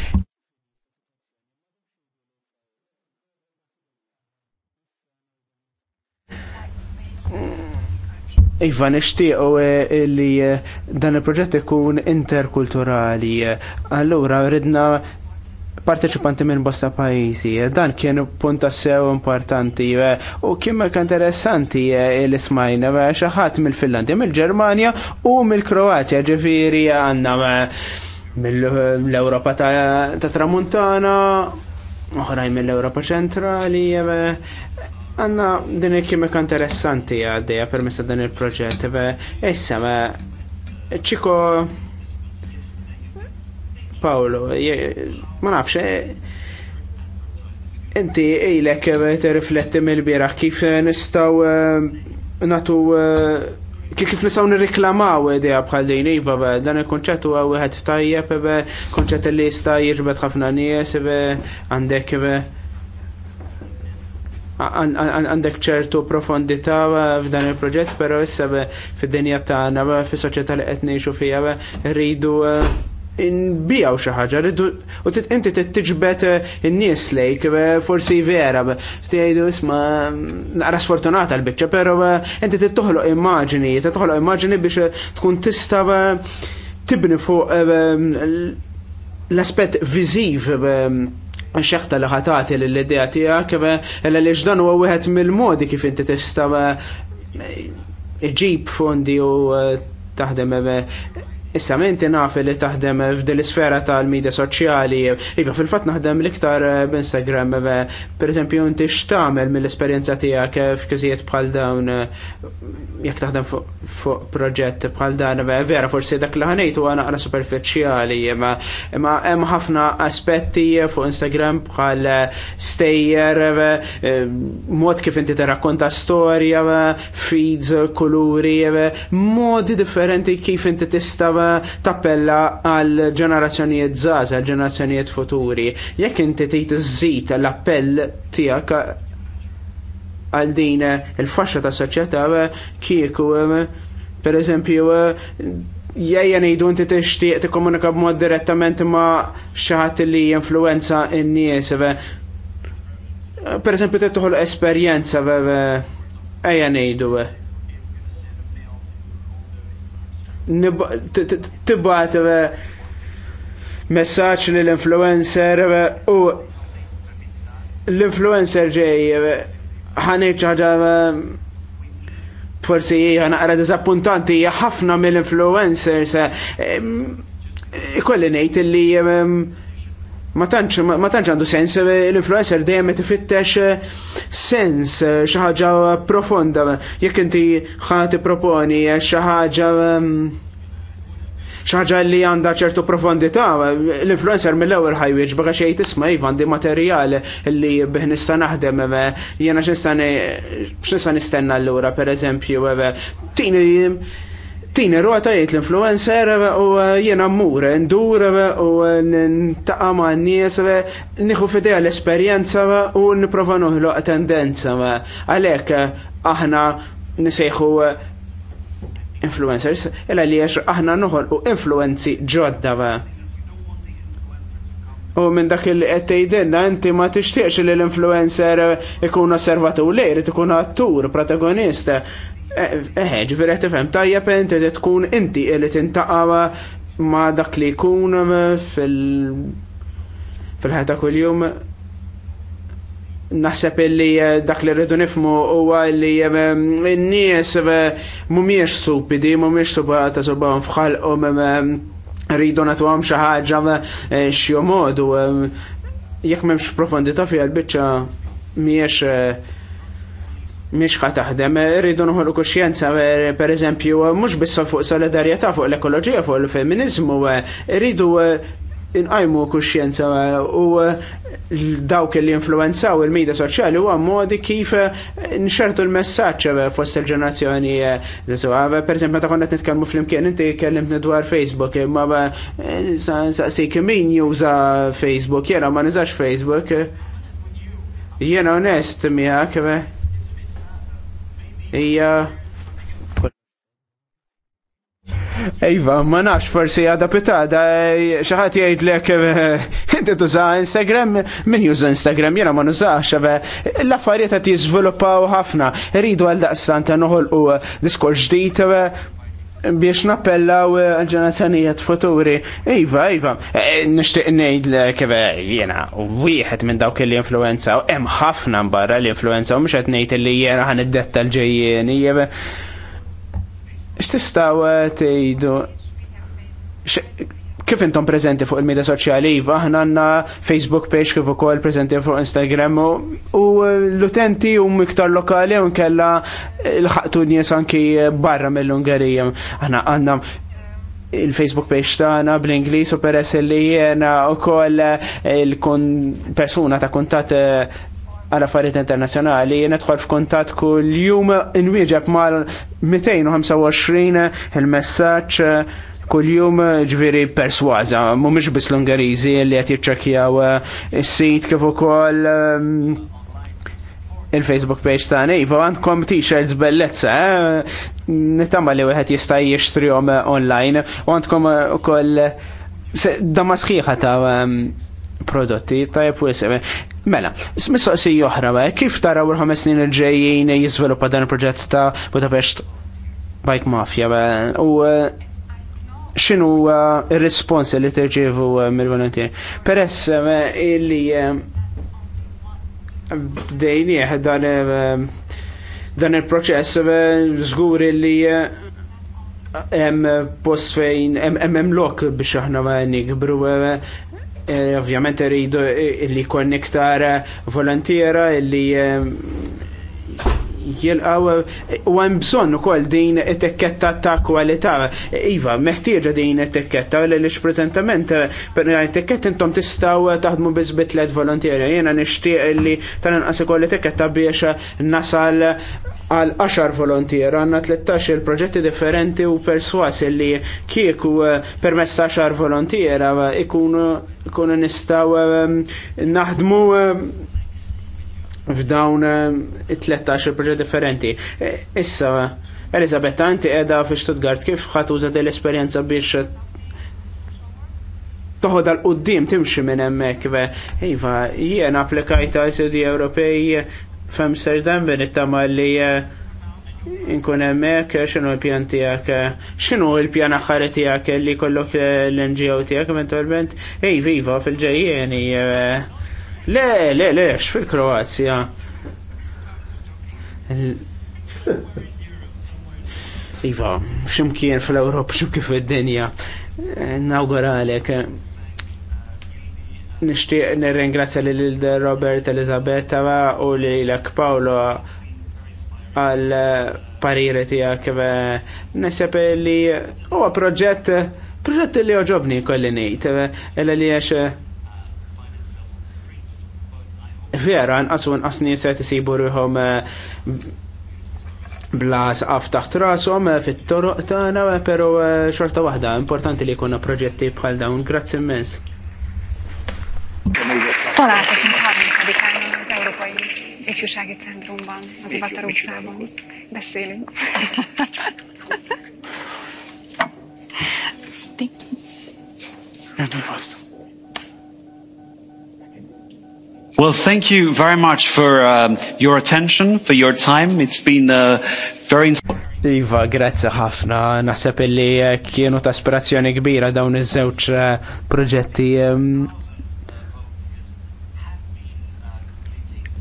Iva, nishtiqo li dan il-proġett ikun interkulturali. Allura, ridna parteċipanti minn bosta pajjiżi. Eh, dan kien punta sew importanti eh, u kien mek interessanti eh, l-ismajna. xaħat mill-Finlandja, mill-Ġermanja u mill-Kroatja ġifiri għandna mill-Ewropa ta' Tramuntana, oħrajn mill europa ċentrali, għanna din il-kimika interessanti għaddeja permessa dan il-proġett, issa, ċiko Paolo, ma nafx, eh, inti ejlek eh, rifletti mill bira kif eh, nistaw natu kif nistaw nirriklamaw idea bħal din iva dan il-konċett huwa wieħed tajjeb konċett li jista' jiġbed ħafna nies għandek għandek ċertu profondità f'dan il-proġett, pero issa fid-dinja tagħna, fis-soċjetà li qed ngħixu fiha rridu inbijaw xi ħaġa u inti tittiġbet eh, in-nies lejk eh, forsi vera tgħidu isma' naqra sfortunata l-biċċa, però eh, inti tittoħloq immaġini, tittoħloq immaġini biex tkun tista' tibni fuq l-aspett viżiv xeħta li ħatati l-idea tiegħek l dan huwa wieħed mill-modi kif inti tista' iġib fondi u taħdem Issa menti nafi li taħdem f'dil isfera tal-medja soċjali, iva fil-fat naħdem l-iktar eh, b'Instagram, per eżempju inti x'tagħmel mill-esperjenza tiegħek f'każijiet bħal dawn eh, jekk taħdem fuq proġett bħal dan vera forsi dak li ħanejt huwa naqra superfiċjali, imma hemm ħafna aspetti fuq Instagram bħal eh, stejjer, mod kif inti tirrakkonta storja, feeds, kuluri, modi differenti kif inti tista' tappella għal ġenerazzjonijiet għal ġenerazzjonijiet futuri. Jekk inti trid iżżid l-appell tiegħek għal din il-faxxa ta' soċjetà kieku per eżempju jajja nejdu inti tixtieq tikkomunika b'mod direttament ma' xi ħadd li jinfluwenza n-nies. Per eżempju titħol esperjenza ejja ngħidu tibbaħt eh, messaċ li l-influencer eh, u l-influencer ġej eh, ħanejċ forsi forsi għara dizappuntanti ħafna mill-influencers kolli nejt li ma tantx għandu sens eh, l-influencer dejjem qed ifittex eh, sens eh, xi ħaġa profonda jekk inti ħadd proponi xi ħaġa mm, xi ħaġa li għandha ċertu profondità, l-influencer mill-ewwel ħajwieġ baga xejn isma' iva għandi materjal li bih nista' naħdem jiena x'nista' nistenna allura pereżempju tini Tini ruħta jgħid l-influencer u eh, jena mmur, ndur eh, u eh, n-taqqa ma n-nies, niħu fideja l-esperienza u n-prova nuħlu tendenza. Għalek, aħna nisejħu influencers, illa li jax aħna nuħol u influenzi ġodda. U minn dak il qed tgħidilna inti ma tixtieqx li l-influencer ikun osservatur lejr, ikun attur, protagonista. Eħe, eh, eh, ġviri tifhem tajjeb inti li tkun inti li tintaqawa ma dak li kun um, fil- fil-ħeta kuljum naħseb li eh, dak li rridu nifmu huwa li um, n-nies mumiex um, stupidi, mumiex suba ta' suba u rridu natu għam xaħġa xjomodu. Jekk memx profondita fija l-bicċa miex miex ħa taħdem, rridu nħollu kuxjenza, eh, per eżempju, eh, mux bissa fuq solidarieta fuq l-ekoloġija, fuq l-feminizmu, eh, rridu inqajmu kuxjenza u dawk li influenzaw il media soċjali huwa modi kif nxertu l-messaġġ fost il-ġenerazzjoni ah, Per Pereżempju ta' konnet qed nitkellmu flimkien inti kellimtni dwar Facebook, imma saqsik min juża Facebook, jena ma nizax Facebook. Jena onest miegħek. Ija. Ejva, ma nafx forsi għada pitada, xaħat jgħid lek eh, inti tuża Instagram, min juża Instagram, jena ma nużax, eh, l-affarijiet qed jiżviluppaw ħafna, rridu għal daqsan ta' noħolqu diskors ġdid eh, biex nappellaw eh, ġenerazzjonijiet futuri. Iva, iva, eh, eh, nishtiq ngħid kif jiena wieħed minn dawk l influenza u hemm ħafna barra l influenza u mhux qed ngħid li għan id detta l-ġejjieni. X'tistgħu tgħidu kif intom prezenti fuq il-media soċjali, iva, aħna għandna Facebook page kif ukoll prezenti fuq Instagram u l-utenti u miktar lokali u nkella l-ħaqtu nies anki barra mill ungarija Aħna għandna il-Facebook page tagħna bl-Ingliż u peress li jiena wkoll eh, il-persuna ta' kuntat eh, għal affarijiet internazzjonali jien nidħol f'kuntatt kull jum inwieġeb mal 225 il-messaġġ eh, kuljum eh, ġviri perswaza, mumiex bis l-Ungarizi li għet jirċakjaw il-sit eh, kif ukoll ehm, il-Facebook page ta' Nejva, għandkom t-shirts bellezza, eh? nittamma li wieħed jista' jixtrihom online, u għandkom u dama damasħiħa ta' ehm, prodotti ta' jepwis. Mela, si joħra, kif taraw il-ħames snin il-ġejjin jizvilupa dan il-proġett ta' Budapest Bike Mafia, u xinu uh, il-respons li terġivu uh, mill-volontieri. Peress uh, illi dejni dan il-proċess żgur li hemm post fejn hemm lok biex aħna ma nikbru eh, ovvjament rridu eh, illi jkun volontiera illi jilqaw u hemm bżonn ukoll din etiketta ta' kwalità. Iva, meħtieġa din it-tikketta li lix preżentament per it intom tistaw taħdmu bizbit bi tliet volontieri. Jiena nixtieq li tal-inqas ukoll it etiketta biex nasal għal 10 volontier, għanna 13 il-proġetti differenti u perswas li kieku eh, permess 10 volontier ikun nistaw eh, naħdmu eh, f'dawn eh, it-13 proġett differenti. E, issa, Elizabetta, għanti edha fi Stuttgart, kif ħatuża din l-esperjenza biex toħod għal qoddim timxi minn hemmhekk ve. Iva, jiena applikajt għal sudi Ewropej f'Amsterdam bin it-tama li eh, inkun hemmhekk x'inhu l-pjan tiegħek, eh, x'inhu l-pjan aħħar tiegħek li kollok l-NGO tiegħek eventualment. Ej, iva, viva fil-ġejjeni Le, le, le, x-fil-Kroazja. Iva, ximkien fil europa ximkien fil-dinja. għalek. Nishtiq nirringrazzja li l Robert Elizabetta u li l-ek Paolo għal parire tija kve Nisab li huwa proġett, proġett li oġobni kolli nejt. Ella li għax vera nqasu nqas nies qed isibu ruhom eh, bla saqaf taħt rashom eh, fit-toroq tagħna, eh, però xorta waħda importanti li jkunna proġetti bħal dawn. Grazzi immens. Találkozunk Well, thank you very much for um, your attention, for your time. It's been uh, very Iva, grazie ħafna. Nasab illi eh, kienu ta' aspirazzjoni kbira dawn iż-żewġ eh, proġetti ehm,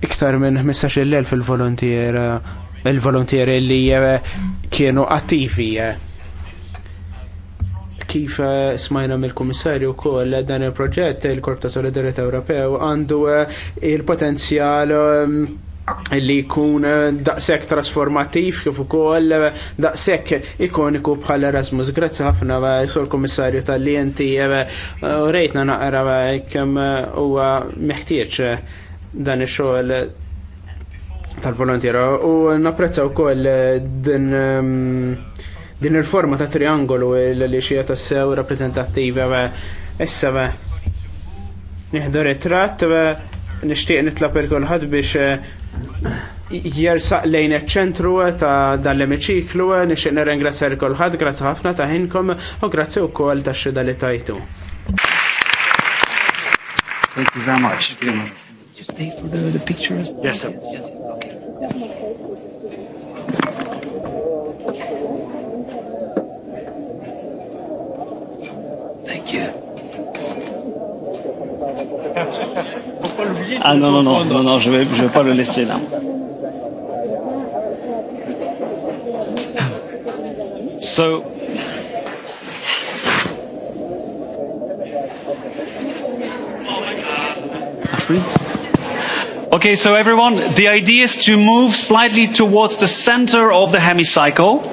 iktar minn 15.000 il-volontier eh, il volontieri li kienu attivi kif eh, smajna mill-Kummissarju wkoll dan il-proġett il-Korp ta' Solidarità Ewropew għandu eh, il-potenzjal eh, li jkun daqshekk trasformattiv kif ukoll daqshekk ikoniku bħal Erasmus. Grazzi ħafna sur kummissarju tal-li inti rejtna naqra kemm huwa meħtieġ dan ix-xogħol tal-volontira u napprezzaw ukoll din ehm, din il-forma ta' triangolu li xija ta' sew rappresentattiva issa nieħdu ritratt nixtieq nitla per kulħadd biex eh, jersaq lejn iċ-ċentru eh, ta' dal-emiċiklu, eh, nixtieq nirringrazzjar kulħadd, grazzi ħafna ta' ħinkom u grazzi wkoll tax-xida li tajtu. Thank you very much. Just stay for the, the pictures. Yes, sir. Yes, sir. Ah non, non, non, non, non je ne vais, je vais pas le laisser là. So, Ashley? Okay, so everyone, the idea is to move slightly towards the center of the hemicycle.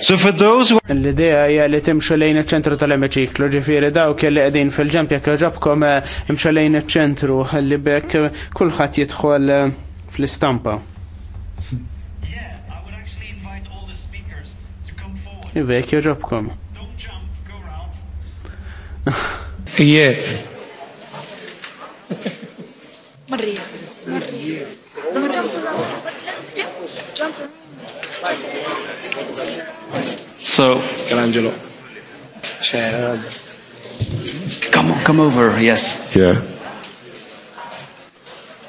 So for those who L-idea hija li timxu lejn iċ-ċentru tal-emiċiklu, ġifieri dawk li qegħdin fil-ġemp jekk ġabkom imxu lejn iċ-ċentru ħalli bekk kulħadd jidħol eh, fl-istampa. Ivek joġobkom. Yeah. Iva, Marrija. So. Michelangelo. Eh, come, on, come over, yes. Yeah.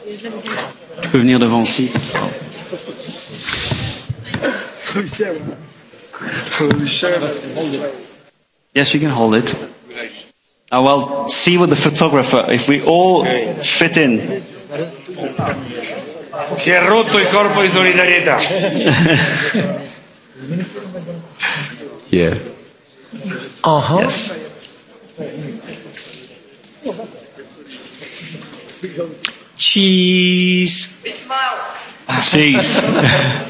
Tu peux venir devant aussi, yes, you can hold it. Uh, well, see with the photographer if we all fit in. Si è rotto il corpo di solidarietà. yeah. Uh-huh. Yes. Cheese. Cheese.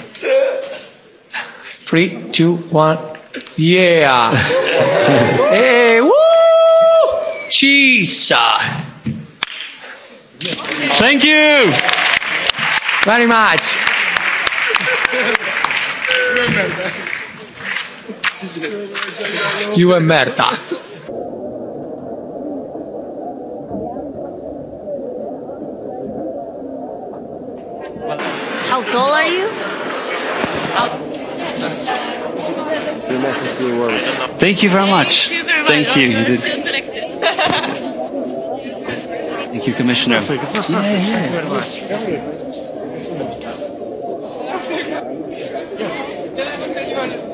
Three, two, one. Yeah. hey, woo! Cheese. Thank you very much. You and Merta. How tall are you? Thank you very much. Thank you. Very much. Thank you. you did. Thank you, Commissioner. Yeah, yeah. Thank you very much. Thank you.